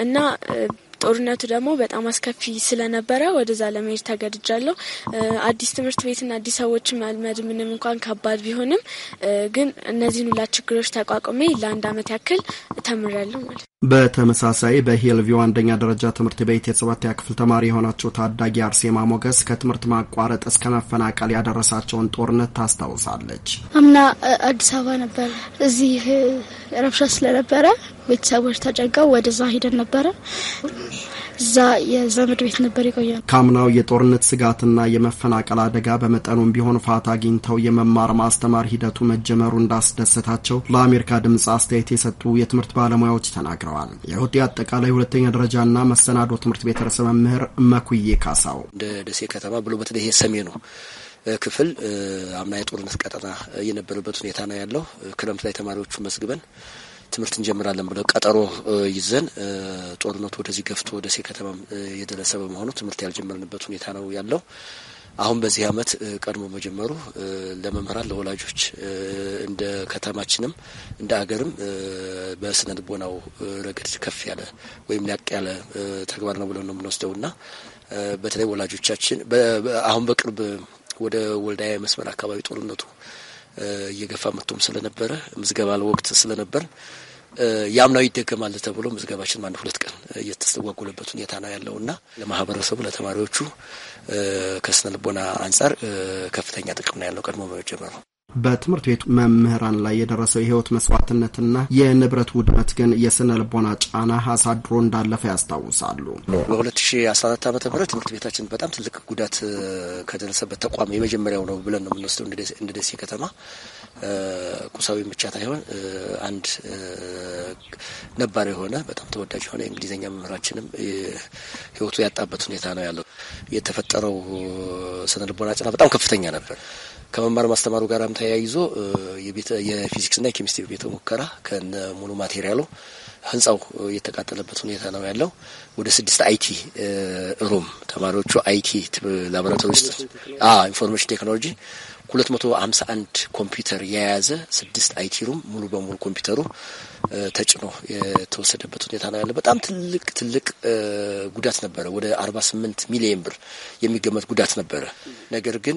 እና ጦርነቱ ደግሞ በጣም አስከፊ ስለነበረ ወደዛ ለመሄድ ተገድጃለሁ። አዲስ ትምህርት ቤትና አዲስ ሰዎች መልመድ ምንም እንኳን ከባድ ቢሆንም ግን እነዚህን ሁላ ችግሮች ተቋቁሜ ለአንድ ዓመት ያክል ተምሬያለሁ ማለት ነው። በተመሳሳይ በሂልቪው አንደኛ ደረጃ ትምህርት ቤት የሰባተኛ ክፍል ተማሪ የሆናቸው ታዳጊ አርሴማ ሞገስ ከትምህርት ማቋረጥ እስከ መፈናቀል ያደረሳቸውን ጦርነት ታስታውሳለች። አምና አዲስ አበባ ነበር እዚህ ረብሻ ስለነበረ ቤተሰቦች ተጨንቀው ወደዛ ሄደን ነበረ። እዛ የዘመድ ቤት ነበር የቆየ። ካምናው የጦርነት ስጋትና የመፈናቀል አደጋ በመጠኑም ቢሆን ፋታ አግኝተው የመማር ማስተማር ሂደቱ መጀመሩ እንዳስደሰታቸው ለአሜሪካ ድምፅ አስተያየት የሰጡ የትምህርት ባለሙያዎች ተናግረዋል። የሁቴ አጠቃላይ ሁለተኛ ደረጃና መሰናዶ ትምህርት ቤት ርዕሰ መምህር መኩዬ ካሳው እንደ ደሴ ከተማ ብሎ በተለይ ሰሜኑ ክፍል አምና የጦርነት ቀጠና የነበረበት ሁኔታ ነው ያለው። ክረምት ላይ ተማሪዎቹ መስግበን ትምህርት እንጀምራለን ብለው ቀጠሮ ይዘን ጦርነቱ ወደዚህ ገፍቶ ደሴ ከተማም የደረሰ በመሆኑ ትምህርት ያልጀመርንበት ሁኔታ ነው ያለው። አሁን በዚህ ዓመት ቀድሞ መጀመሩ ለመምህራን፣ ለወላጆች እንደ ከተማችንም እንደ አገርም በስነ ልቦናው ረገድ ከፍ ያለ ወይም ሊያቅ ያለ ተግባር ነው ብለን ነው የምንወስደው እና በተለይ ወላጆቻችን አሁን በቅርብ ወደ ወልዳያ መስመር አካባቢ ጦርነቱ እየገፋ መጥቶም ስለነበረ ምዝገባ ወቅት ስለነበር ያምናው ይደገማል ተብሎ ምዝገባችን አንድ ሁለት ቀን እየተስተጓጎለበት ሁኔታ ነው ያለው እና ለማህበረሰቡ ለተማሪዎቹ ከስነ ልቦና አንጻር ከፍተኛ ጥቅም ነው ያለው ቀድሞ በመጀመሩ በትምህርት ቤቱ መምህራን ላይ የደረሰው የህይወት መስዋዕትነትና የንብረት ውድመት ግን የስነ ልቦና ጫና አሳድሮ እንዳለፈ ያስታውሳሉ። በ2014 ዓ ም ትምህርት ቤታችን በጣም ትልቅ ጉዳት ከደረሰበት ተቋም የመጀመሪያው ነው ብለን ነው የምንወስደው። እንደ ደሴ ከተማ ቁሳዊ ብቻ ሳይሆን አንድ ነባር የሆነ በጣም ተወዳጅ የሆነ የእንግሊዝኛ መምህራችንም ህይወቱ ያጣበት ሁኔታ ነው ያለው። የተፈጠረው ስነ ልቦና ጫና በጣም ከፍተኛ ነበር። ከመማር ማስተማሩ ጋርም ተያይዞ የፊዚክስና የኬሚስትሪ ቤተ ሙከራ ከነ ሙሉ ማቴሪያሉ ህንፃው የተቃጠለበት ሁኔታ ነው ያለው። ወደ ስድስት አይቲ ሩም ተማሪዎቹ አይቲ ላቦራቶሪ ውስጥ ኢንፎርሜሽን ቴክኖሎጂ ሁለት መቶ ሀምሳ አንድ ኮምፒውተር የያዘ ስድስት አይቲ ሩም ሙሉ በሙሉ ኮምፒውተሩ ተጭኖ የተወሰደበት ሁኔታ ነው ያለ። በጣም ትልቅ ትልቅ ጉዳት ነበረ። ወደ አርባ ስምንት ሚሊየን ብር የሚገመት ጉዳት ነበረ። ነገር ግን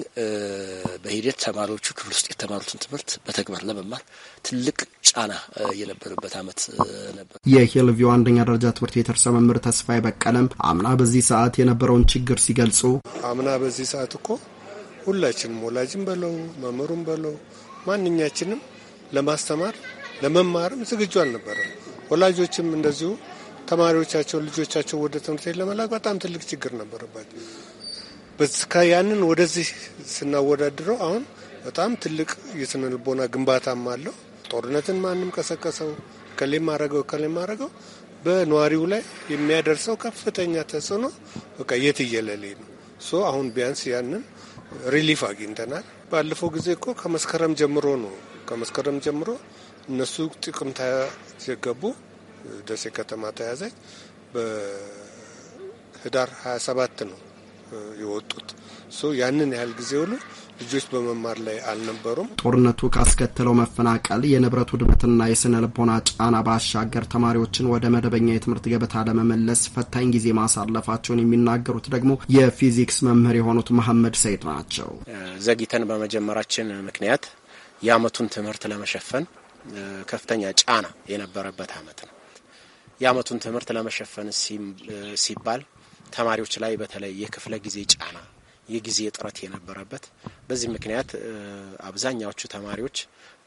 በሂደት ተማሪዎቹ ክፍል ውስጥ የተማሩትን ትምህርት በተግባር ለመማር ትልቅ ጫና የነበረበት አመት ነበር። የሄልቪው አንደኛ ደረጃ ትምህርት ቤት ርዕሰ መምህር ተስፋ በቀለም አምና በዚህ ሰዓት የነበረውን ችግር ሲገልጹ አምና በዚህ ሰዓት እኮ ሁላችንም ወላጅም በለው መምህሩም በለው ማንኛችንም ለማስተማር ለመማርም ዝግጁ አልነበረም። ወላጆችም እንደዚሁ ተማሪዎቻቸውን ልጆቻቸው ወደ ትምህርት ቤት ለመላክ በጣም ትልቅ ችግር ነበረባቸው። ያንን ወደዚህ ስናወዳድረው አሁን በጣም ትልቅ የስነ ልቦና ግንባታም አለው። ጦርነትን ማንም ቀሰቀሰው ከሌ አረገው ከሌ አረገው በነዋሪው ላይ የሚያደርሰው ከፍተኛ ተጽዕኖ በቃ የትየለሌ ነው። ሶ አሁን ቢያንስ ያንን ሪሊፍ አግኝተናል። ባለፈው ጊዜ እኮ ከመስከረም ጀምሮ ነው ከመስከረም ጀምሮ እነሱ ጥቅም ሲገቡ ደሴ ከተማ ተያዘች። በህዳር 27 ነው የወጡት። ያንን ያህል ጊዜ ሁሉ ልጆች በመማር ላይ አልነበሩም። ጦርነቱ ካስከተለው መፈናቀል፣ የንብረት ውድመትና የስነ ልቦና ጫና ባሻገር ተማሪዎችን ወደ መደበኛ የትምህርት ገበታ ለመመለስ ፈታኝ ጊዜ ማሳለፋቸውን የሚናገሩት ደግሞ የፊዚክስ መምህር የሆኑት መሐመድ ሰይድ ናቸው። ዘግይተን በመጀመራችን ምክንያት የአመቱን ትምህርት ለመሸፈን ከፍተኛ ጫና የነበረበት አመት ነው። የአመቱን ትምህርት ለመሸፈን ሲባል ተማሪዎች ላይ በተለይ የክፍለ ጊዜ ጫና፣ የጊዜ እጥረት የነበረበት በዚህ ምክንያት አብዛኛዎቹ ተማሪዎች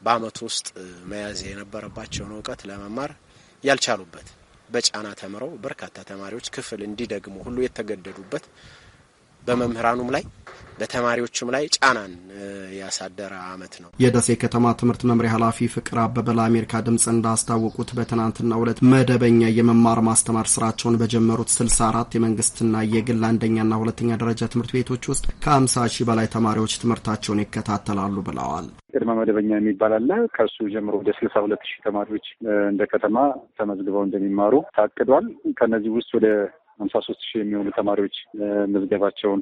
በአመቱ ውስጥ መያዝ የነበረባቸውን እውቀት ለመማር ያልቻሉበት በጫና ተምረው በርካታ ተማሪዎች ክፍል እንዲደግሙ ሁሉ የተገደዱበት በመምህራኑም ላይ በተማሪዎችም ላይ ጫናን ያሳደረ አመት ነው። የደሴ ከተማ ትምህርት መምሪያ ኃላፊ ፍቅር አበበ ለአሜሪካ ድምፅ እንዳስታወቁት በትናንትናው ዕለት መደበኛ የመማር ማስተማር ስራቸውን በጀመሩት 64 የመንግስትና የግል አንደኛና ሁለተኛ ደረጃ ትምህርት ቤቶች ውስጥ ከ50 ሺህ በላይ ተማሪዎች ትምህርታቸውን ይከታተላሉ ብለዋል። ቅድመ መደበኛ የሚባል አለ። ከእሱ ጀምሮ ወደ ስልሳ ሁለት ሺህ ተማሪዎች እንደ ከተማ ተመዝግበው እንደሚማሩ ታቅዷል። ከነዚህ ውስጥ ወደ ሀምሳ ሶስት ሺህ የሚሆኑ ተማሪዎች መዝገባቸውን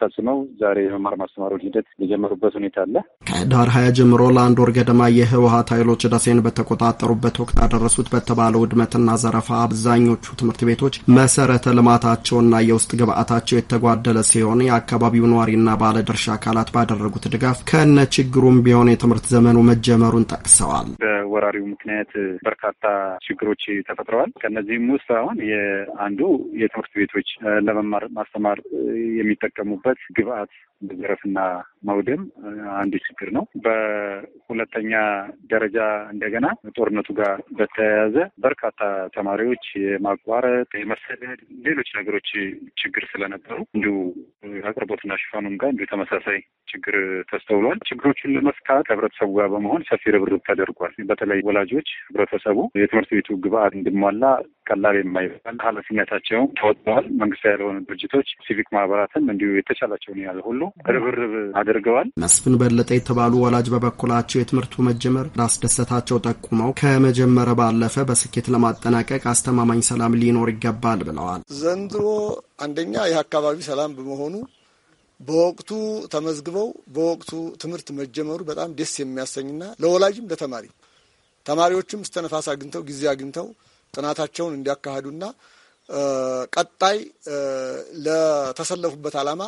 ፈጽመው ዛሬ የመማር ማስተማሩን ሂደት የጀመሩበት ሁኔታ አለ። ከህዳር ሀያ ጀምሮ ለአንድ ወር ገደማ የህወሀት ኃይሎች ደሴን በተቆጣጠሩበት ወቅት አደረሱት በተባለ ውድመትና ዘረፋ አብዛኞቹ ትምህርት ቤቶች መሰረተ ልማታቸውና የውስጥ ግብአታቸው የተጓደለ ሲሆን የአካባቢው ነዋሪና ባለድርሻ አካላት ባደረጉት ድጋፍ ከነ ችግሩም ቢሆን የትምህርት ዘመኑ መጀመሩን ጠቅሰዋል። በወራሪው ምክንያት በርካታ ችግሮች ተፈጥረዋል። ከእነዚህም ውስጥ አሁን የአንዱ የትምህርት ቤቶች ለመማር ማስተማር የሚጠ этому подсгибаться. መዘረፍና መውደም አንዱ ችግር ነው። በሁለተኛ ደረጃ እንደገና ጦርነቱ ጋር በተያያዘ በርካታ ተማሪዎች የማቋረጥ የመሰደድ፣ ሌሎች ነገሮች ችግር ስለነበሩ እንዲሁ አቅርቦትና ሽፋኑም ጋር እንዲሁ ተመሳሳይ ችግር ተስተውሏል። ችግሮቹን ለመፍታት ከህብረተሰቡ ጋር በመሆን ሰፊ ርብርብ ተደርጓል። በተለይ ወላጆች ህብረተሰቡ የትምህርት ቤቱ ግብአት እንዲሟላ ቀላል የማይባል ኃላፊነታቸውን ተወጥተዋል። መንግስታዊ ያልሆኑ ድርጅቶች ሲቪክ ማህበራትም እንዲሁ የተቻላቸውን ያህል ሁሉ ርብርብ አድርገዋል። መስፍን በለጠ የተባሉ ወላጅ በበኩላቸው የትምህርቱ መጀመር ላስደሰታቸው ጠቁመው ከመጀመር ባለፈ በስኬት ለማጠናቀቅ አስተማማኝ ሰላም ሊኖር ይገባል ብለዋል። ዘንድሮ አንደኛ ይህ አካባቢ ሰላም በመሆኑ በወቅቱ ተመዝግበው በወቅቱ ትምህርት መጀመሩ በጣም ደስ የሚያሰኝና ለወላጅም ለተማሪ ተማሪዎችም እስተነፋስ አግኝተው ጊዜ አግኝተው ጥናታቸውን እንዲያካሂዱና ቀጣይ ለተሰለፉበት ዓላማ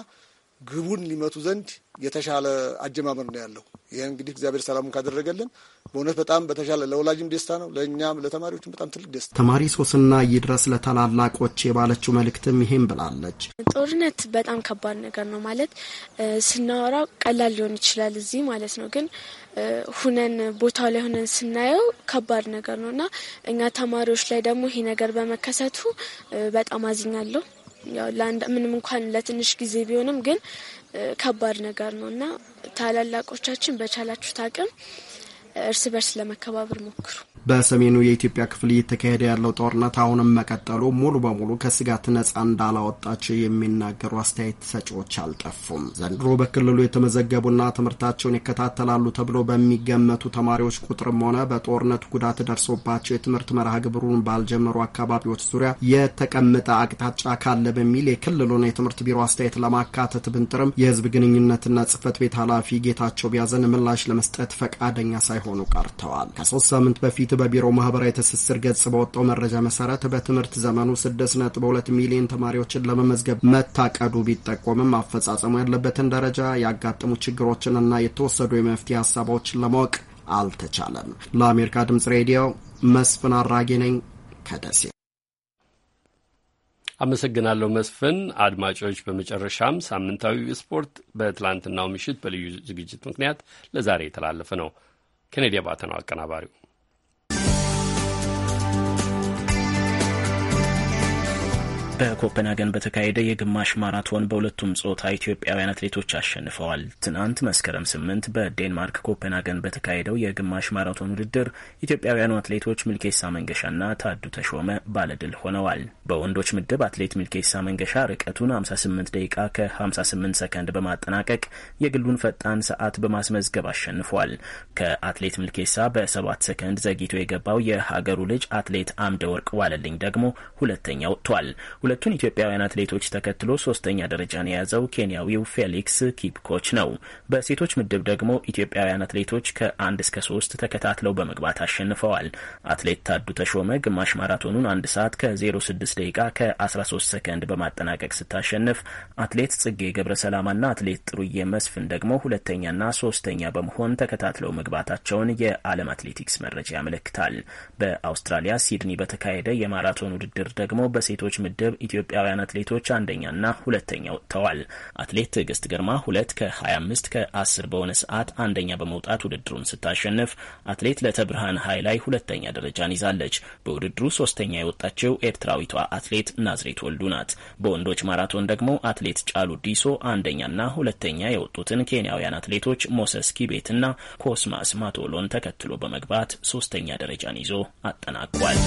ግቡን ሊመቱ ዘንድ የተሻለ አጀማመር ነው ያለው። ይህ እንግዲህ እግዚአብሔር ሰላሙን ካደረገልን በእውነት በጣም በተሻለ ለወላጅም ደስታ ነው፣ ለእኛም ለተማሪዎችም በጣም ትልቅ ደስታ። ተማሪ ሶስና ይድረስ ለታላላቆች የባለችው መልእክትም ይሄን ብላለች። ጦርነት በጣም ከባድ ነገር ነው ማለት ስናወራ ቀላል ሊሆን ይችላል እዚህ ማለት ነው፣ ግን ሁነን ቦታው ላይ ሁነን ስናየው ከባድ ነገር ነው እና እኛ ተማሪዎች ላይ ደግሞ ይሄ ነገር በመከሰቱ በጣም አዝኛለሁ። ምንም እንኳን ለትንሽ ጊዜ ቢሆንም ግን ከባድ ነገር ነው እና ታላላቆቻችን በቻላችሁት አቅም እርስ በርስ ለመከባበር ሞክሩ። በሰሜኑ የኢትዮጵያ ክፍል እየተካሄደ ያለው ጦርነት አሁንም መቀጠሉ ሙሉ በሙሉ ከስጋት ነጻ እንዳላወጣቸው የሚናገሩ አስተያየት ሰጪዎች አልጠፉም። ዘንድሮ በክልሉ የተመዘገቡና ትምህርታቸውን ይከታተላሉ ተብሎ በሚገመቱ ተማሪዎች ቁጥርም ሆነ በጦርነቱ ጉዳት ደርሶባቸው የትምህርት መርሃ ግብሩን ባልጀመሩ አካባቢዎች ዙሪያ የተቀመጠ አቅጣጫ ካለ በሚል የክልሉን የትምህርት ቢሮ አስተያየት ለማካተት ብንጥርም የህዝብ ግንኙነትና ጽህፈት ቤት ኃላፊ ጌታቸው ቢያዘን ምላሽ ለመስጠት ፈቃደኛ ሳይሆኑ ቀርተዋል። ከሶስት ሳምንት በፊት በቢሮ ማህበራዊ ትስስር ገጽ በወጣው መረጃ መሰረት በትምህርት ዘመኑ 6.2 ሚሊዮን ተማሪዎችን ለመመዝገብ መታቀዱ ቢጠቆምም አፈጻጸሙ ያለበትን ደረጃ ያጋጠሙ ችግሮችንና የተወሰዱ የመፍትሄ ሀሳቦችን ለማወቅ አልተቻለም። ለአሜሪካ ድምጽ ሬዲዮ መስፍን አራጌ ነኝ ከደሴ። አመሰግናለሁ መስፍን። አድማጮች፣ በመጨረሻም ሳምንታዊ ስፖርት በትላንትናው ምሽት በልዩ ዝግጅት ምክንያት ለዛሬ የተላለፈ ነው። ኬኔዲ አባተ ነው አቀናባሪው። በኮፐንሃገን በተካሄደ የግማሽ ማራቶን በሁለቱም ጾታ ኢትዮጵያውያን አትሌቶች አሸንፈዋል። ትናንት መስከረም ስምንት በዴንማርክ ኮፐንሃገን በተካሄደው የግማሽ ማራቶን ውድድር ኢትዮጵያውያኑ አትሌቶች ሚልኬሳ መንገሻና ታዱ ተሾመ ባለድል ሆነዋል። በወንዶች ምድብ አትሌት ሚልኬሳ መንገሻ ርቀቱን 58 ደቂቃ ከ58 ሰከንድ በማጠናቀቅ የግሉን ፈጣን ሰዓት በማስመዝገብ አሸንፏል። ከአትሌት ሚልኬሳ በሰባት ሰከንድ ዘግይቶ የገባው የሀገሩ ልጅ አትሌት አምደ ወርቅ ዋለልኝ ደግሞ ሁለተኛ ወጥቷል። ሁለቱን ኢትዮጵያውያን አትሌቶች ተከትሎ ሶስተኛ ደረጃን የያዘው ኬንያዊው ፌሊክስ ኪፕኮች ነው። በሴቶች ምድብ ደግሞ ኢትዮጵያውያን አትሌቶች ከአንድ እስከ ሶስት ተከታትለው በመግባት አሸንፈዋል። አትሌት ታዱ ተሾመ ግማሽ ማራቶኑን አንድ ሰዓት ከ06 ደቂቃ ከ13 ሰከንድ በማጠናቀቅ ስታሸንፍ አትሌት ጽጌ ገብረሰላማና አትሌት ጥሩዬ መስፍን ደግሞ ሁለተኛና ሶስተኛ በመሆን ተከታትለው መግባታቸውን የዓለም አትሌቲክስ መረጃ ያመለክታል። በአውስትራሊያ ሲድኒ በተካሄደ የማራቶን ውድድር ደግሞ በሴቶች ምድብ ኢትዮጵያውያን አትሌቶች አንደኛና ሁለተኛ ወጥተዋል። አትሌት ትዕግስት ግርማ ሁለት ከ25 ከ10 በሆነ ሰዓት አንደኛ በመውጣት ውድድሩን ስታሸንፍ፣ አትሌት ለተብርሃን ሀይ ላይ ሁለተኛ ደረጃን ይዛለች። በውድድሩ ሶስተኛ የወጣችው ኤርትራዊቷ አትሌት ናዝሬት ወልዱ ናት። በወንዶች ማራቶን ደግሞ አትሌት ጫሉ ዲሶ አንደኛና ሁለተኛ የወጡትን ኬንያውያን አትሌቶች ሞሰስ ኪቤትና ኮስማስ ማቶሎን ተከትሎ በመግባት ሶስተኛ ደረጃን ይዞ አጠናቋል።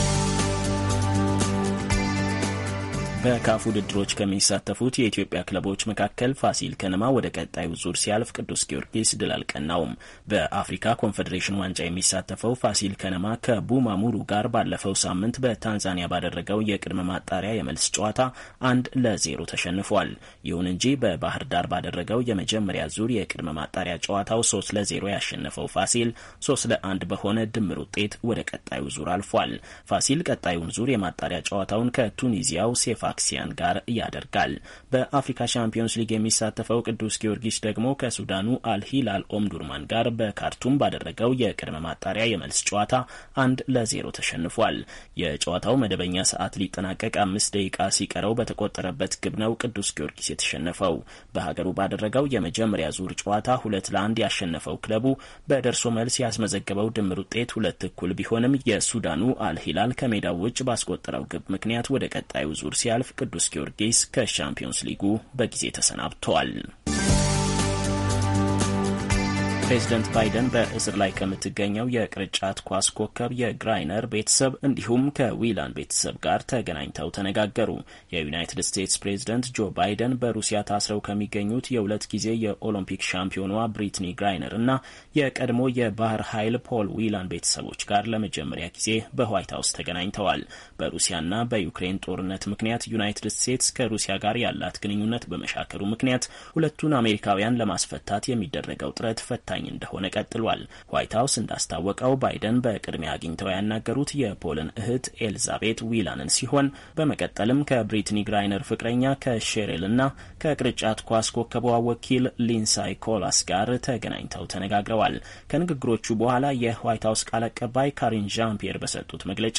በካፍ ውድድሮች ከሚሳተፉት የኢትዮጵያ ክለቦች መካከል ፋሲል ከነማ ወደ ቀጣዩ ዙር ሲያልፍ ቅዱስ ጊዮርጊስ ድል አልቀናውም። በአፍሪካ ኮንፌዴሬሽን ዋንጫ የሚሳተፈው ፋሲል ከነማ ከቡማሙሩ ጋር ባለፈው ሳምንት በታንዛኒያ ባደረገው የቅድመ ማጣሪያ የመልስ ጨዋታ አንድ ለዜሮ ተሸንፏል። ይሁን እንጂ በባህር ዳር ባደረገው የመጀመሪያ ዙር የቅድመ ማጣሪያ ጨዋታው ሶስት ለዜሮ ያሸነፈው ፋሲል ሶስት ለአንድ በሆነ ድምር ውጤት ወደ ቀጣዩ ዙር አልፏል። ፋሲል ቀጣዩን ዙር የማጣሪያ ጨዋታውን ከቱኒዚያው ሴፋ ባክሲያን ጋር ያደርጋል። በአፍሪካ ሻምፒዮንስ ሊግ የሚሳተፈው ቅዱስ ጊዮርጊስ ደግሞ ከሱዳኑ አልሂላል ኦምዱርማን ጋር በካርቱም ባደረገው የቅድመ ማጣሪያ የመልስ ጨዋታ አንድ ለዜሮ ተሸንፏል። የጨዋታው መደበኛ ሰዓት ሊጠናቀቅ አምስት ደቂቃ ሲቀረው በተቆጠረበት ግብ ነው ቅዱስ ጊዮርጊስ የተሸነፈው። በሀገሩ ባደረገው የመጀመሪያ ዙር ጨዋታ ሁለት ለአንድ ያሸነፈው ክለቡ በደርሶ መልስ ያስመዘገበው ድምር ውጤት ሁለት እኩል ቢሆንም የሱዳኑ አልሂላል ከሜዳው ውጭ ባስቆጠረው ግብ ምክንያት ወደ ቀጣዩ ዙር ሲያል ሲያልፍ ቅዱስ ጊዮርጊስ ከሻምፒዮንስ ሊጉ በጊዜ ተሰናብተዋል። ፕሬዚደንት ባይደን በእስር ላይ ከምትገኘው የቅርጫት ኳስ ኮከብ የግራይነር ቤተሰብ እንዲሁም ከዊላን ቤተሰብ ጋር ተገናኝተው ተነጋገሩ። የዩናይትድ ስቴትስ ፕሬዚደንት ጆ ባይደን በሩሲያ ታስረው ከሚገኙት የሁለት ጊዜ የኦሎምፒክ ሻምፒዮኗ ብሪትኒ ግራይነር እና የቀድሞ የባህር ኃይል ፖል ዊላን ቤተሰቦች ጋር ለመጀመሪያ ጊዜ በዋይት ሀውስ ተገናኝተዋል። በሩሲያና በዩክሬን ጦርነት ምክንያት ዩናይትድ ስቴትስ ከሩሲያ ጋር ያላት ግንኙነት በመሻከሩ ምክንያት ሁለቱን አሜሪካውያን ለማስፈታት የሚደረገው ጥረት ፈታኝ ወሳኝ እንደሆነ ቀጥሏል። ዋይት ሀውስ እንዳስታወቀው ባይደን በቅድሚያ አግኝተው ያናገሩት የፖልን እህት ኤልዛቤት ዊላንን ሲሆን በመቀጠልም ከብሪትኒ ግራይነር ፍቅረኛ ከሼሬል እና ከቅርጫት ኳስ ኮከቧ ወኪል ሊንሳይ ኮላስ ጋር ተገናኝተው ተነጋግረዋል። ከንግግሮቹ በኋላ የዋይት ሀውስ ቃል አቀባይ ካሪን ዣን ፒየር በሰጡት መግለጫ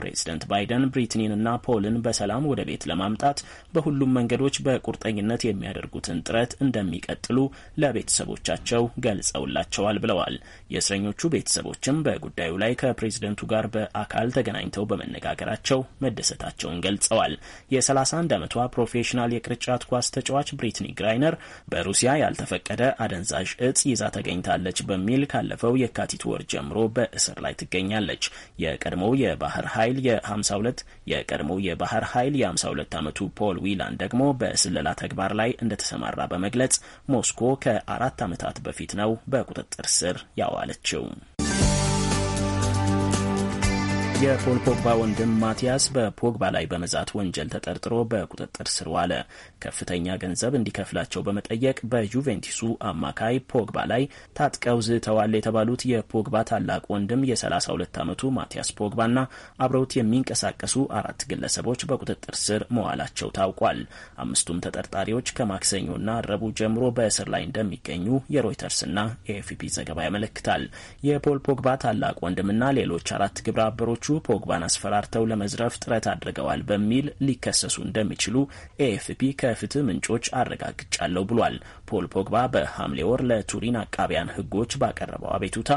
ፕሬዝደንት ባይደን ብሪትኒንና ፖልን በሰላም ወደ ቤት ለማምጣት በሁሉም መንገዶች በቁርጠኝነት የሚያደርጉትን ጥረት እንደሚቀጥሉ ለቤተሰቦቻቸው ገልጸው ፈቅደውላቸዋል ብለዋል። የእስረኞቹ ቤተሰቦችም በጉዳዩ ላይ ከፕሬዝደንቱ ጋር በአካል ተገናኝተው በመነጋገራቸው መደሰታቸውን ገልጸዋል። የ31 ዓመቷ ፕሮፌሽናል የቅርጫት ኳስ ተጫዋች ብሪትኒ ግራይነር በሩሲያ ያልተፈቀደ አደንዛዥ እጽ ይዛ ተገኝታለች በሚል ካለፈው የካቲት ወር ጀምሮ በእስር ላይ ትገኛለች። የቀድሞው የባህር ኃይል የ52 የቀድሞው የባህር ኃይል የ52 ዓመቱ ፖል ዊላን ደግሞ በስለላ ተግባር ላይ እንደተሰማራ በመግለጽ ሞስኮ ከአራት ዓመታት በፊት ነው በቁጥጥር ስር ያዋለችው። የፖል ፖግባ ወንድም ማቲያስ በፖግባ ላይ በመዛት ወንጀል ተጠርጥሮ በቁጥጥር ስር ዋለ። ከፍተኛ ገንዘብ እንዲከፍላቸው በመጠየቅ በዩቬንቲሱ አማካይ ፖግባ ላይ ታጥቀው ዝተዋል የተባሉት የፖግባ ታላቅ ወንድም የ32 ዓመቱ ማቲያስ ፖግባና አብረውት የሚንቀሳቀሱ አራት ግለሰቦች በቁጥጥር ስር መዋላቸው ታውቋል። አምስቱም ተጠርጣሪዎች ከማክሰኞና ረቡዕ ጀምሮ በእስር ላይ እንደሚገኙ የሮይተርስና ኤኤፍፒ ዘገባ ያመለክታል። የፖል ፖግባ ታላቅ ወንድምና ሌሎች አራት ግብረ አበሮቹ ፖግባን አስፈራርተው ለመዝረፍ ጥረት አድርገዋል በሚል ሊከሰሱ እንደሚችሉ ኤኤፍፒ ከፍትህ ምንጮች አረጋግጫለሁ ብሏል። ፖል ፖግባ በሐምሌ ወር ለቱሪን አቃቢያን ህጎች ባቀረበው አቤቱታ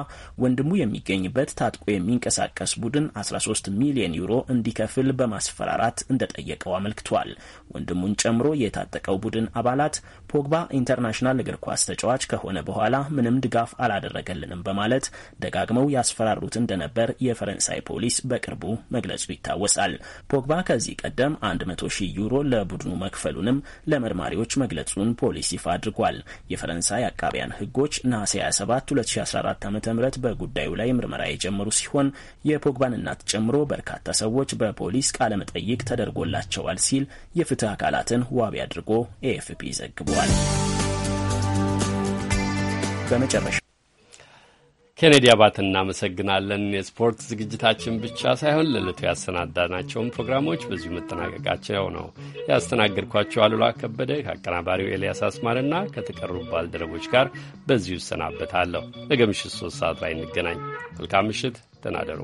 ወንድሙ የሚገኝበት ታጥቆ የሚንቀሳቀስ ቡድን 13 ሚሊዮን ዩሮ እንዲከፍል በማስፈራራት እንደጠየቀው አመልክቷል። ወንድሙን ጨምሮ የታጠቀው ቡድን አባላት ፖግባ ኢንተርናሽናል እግር ኳስ ተጫዋች ከሆነ በኋላ ምንም ድጋፍ አላደረገልንም በማለት ደጋግመው ያስፈራሩት እንደነበር የፈረንሳይ ፖሊስ በቅርቡ መግለጹ ይታወሳል። ፖግባ ከዚህ ቀደም 100 ሺህ ዩሮ ለቡድኑ መክፈሉንም ለመርማሪዎች መግለጹን ፖሊስ ይፋ አድርጓል። የፈረንሳይ አቃቢያን ሕጎች ነሐሴ 27 2014 ዓ ም በጉዳዩ ላይ ምርመራ የጀመሩ ሲሆን የፖግባን እናት ጨምሮ በርካታ ሰዎች በፖሊስ ቃለመጠይቅ ተደርጎላቸዋል ሲል የፍትህ አካላትን ዋቢ አድርጎ ኤኤፍፒ ዘግቧል። በመጨረሻ ኬኔዲ አባት እናመሰግናለን። የስፖርት ዝግጅታችን ብቻ ሳይሆን ለዕለቱ ያሰናዳናቸውን ፕሮግራሞች በዚሁ መጠናቀቃቸው ነው። ያስተናገድኳቸው አሉላ ከበደ ከአቀናባሪው ኤልያስ አስማርና ከተቀሩ ባልደረቦች ጋር በዚሁ እሰናበታለሁ። ነገ ምሽት ሶስት ሰዓት ላይ እንገናኝ። መልካም ምሽት፣ ተናደሩ።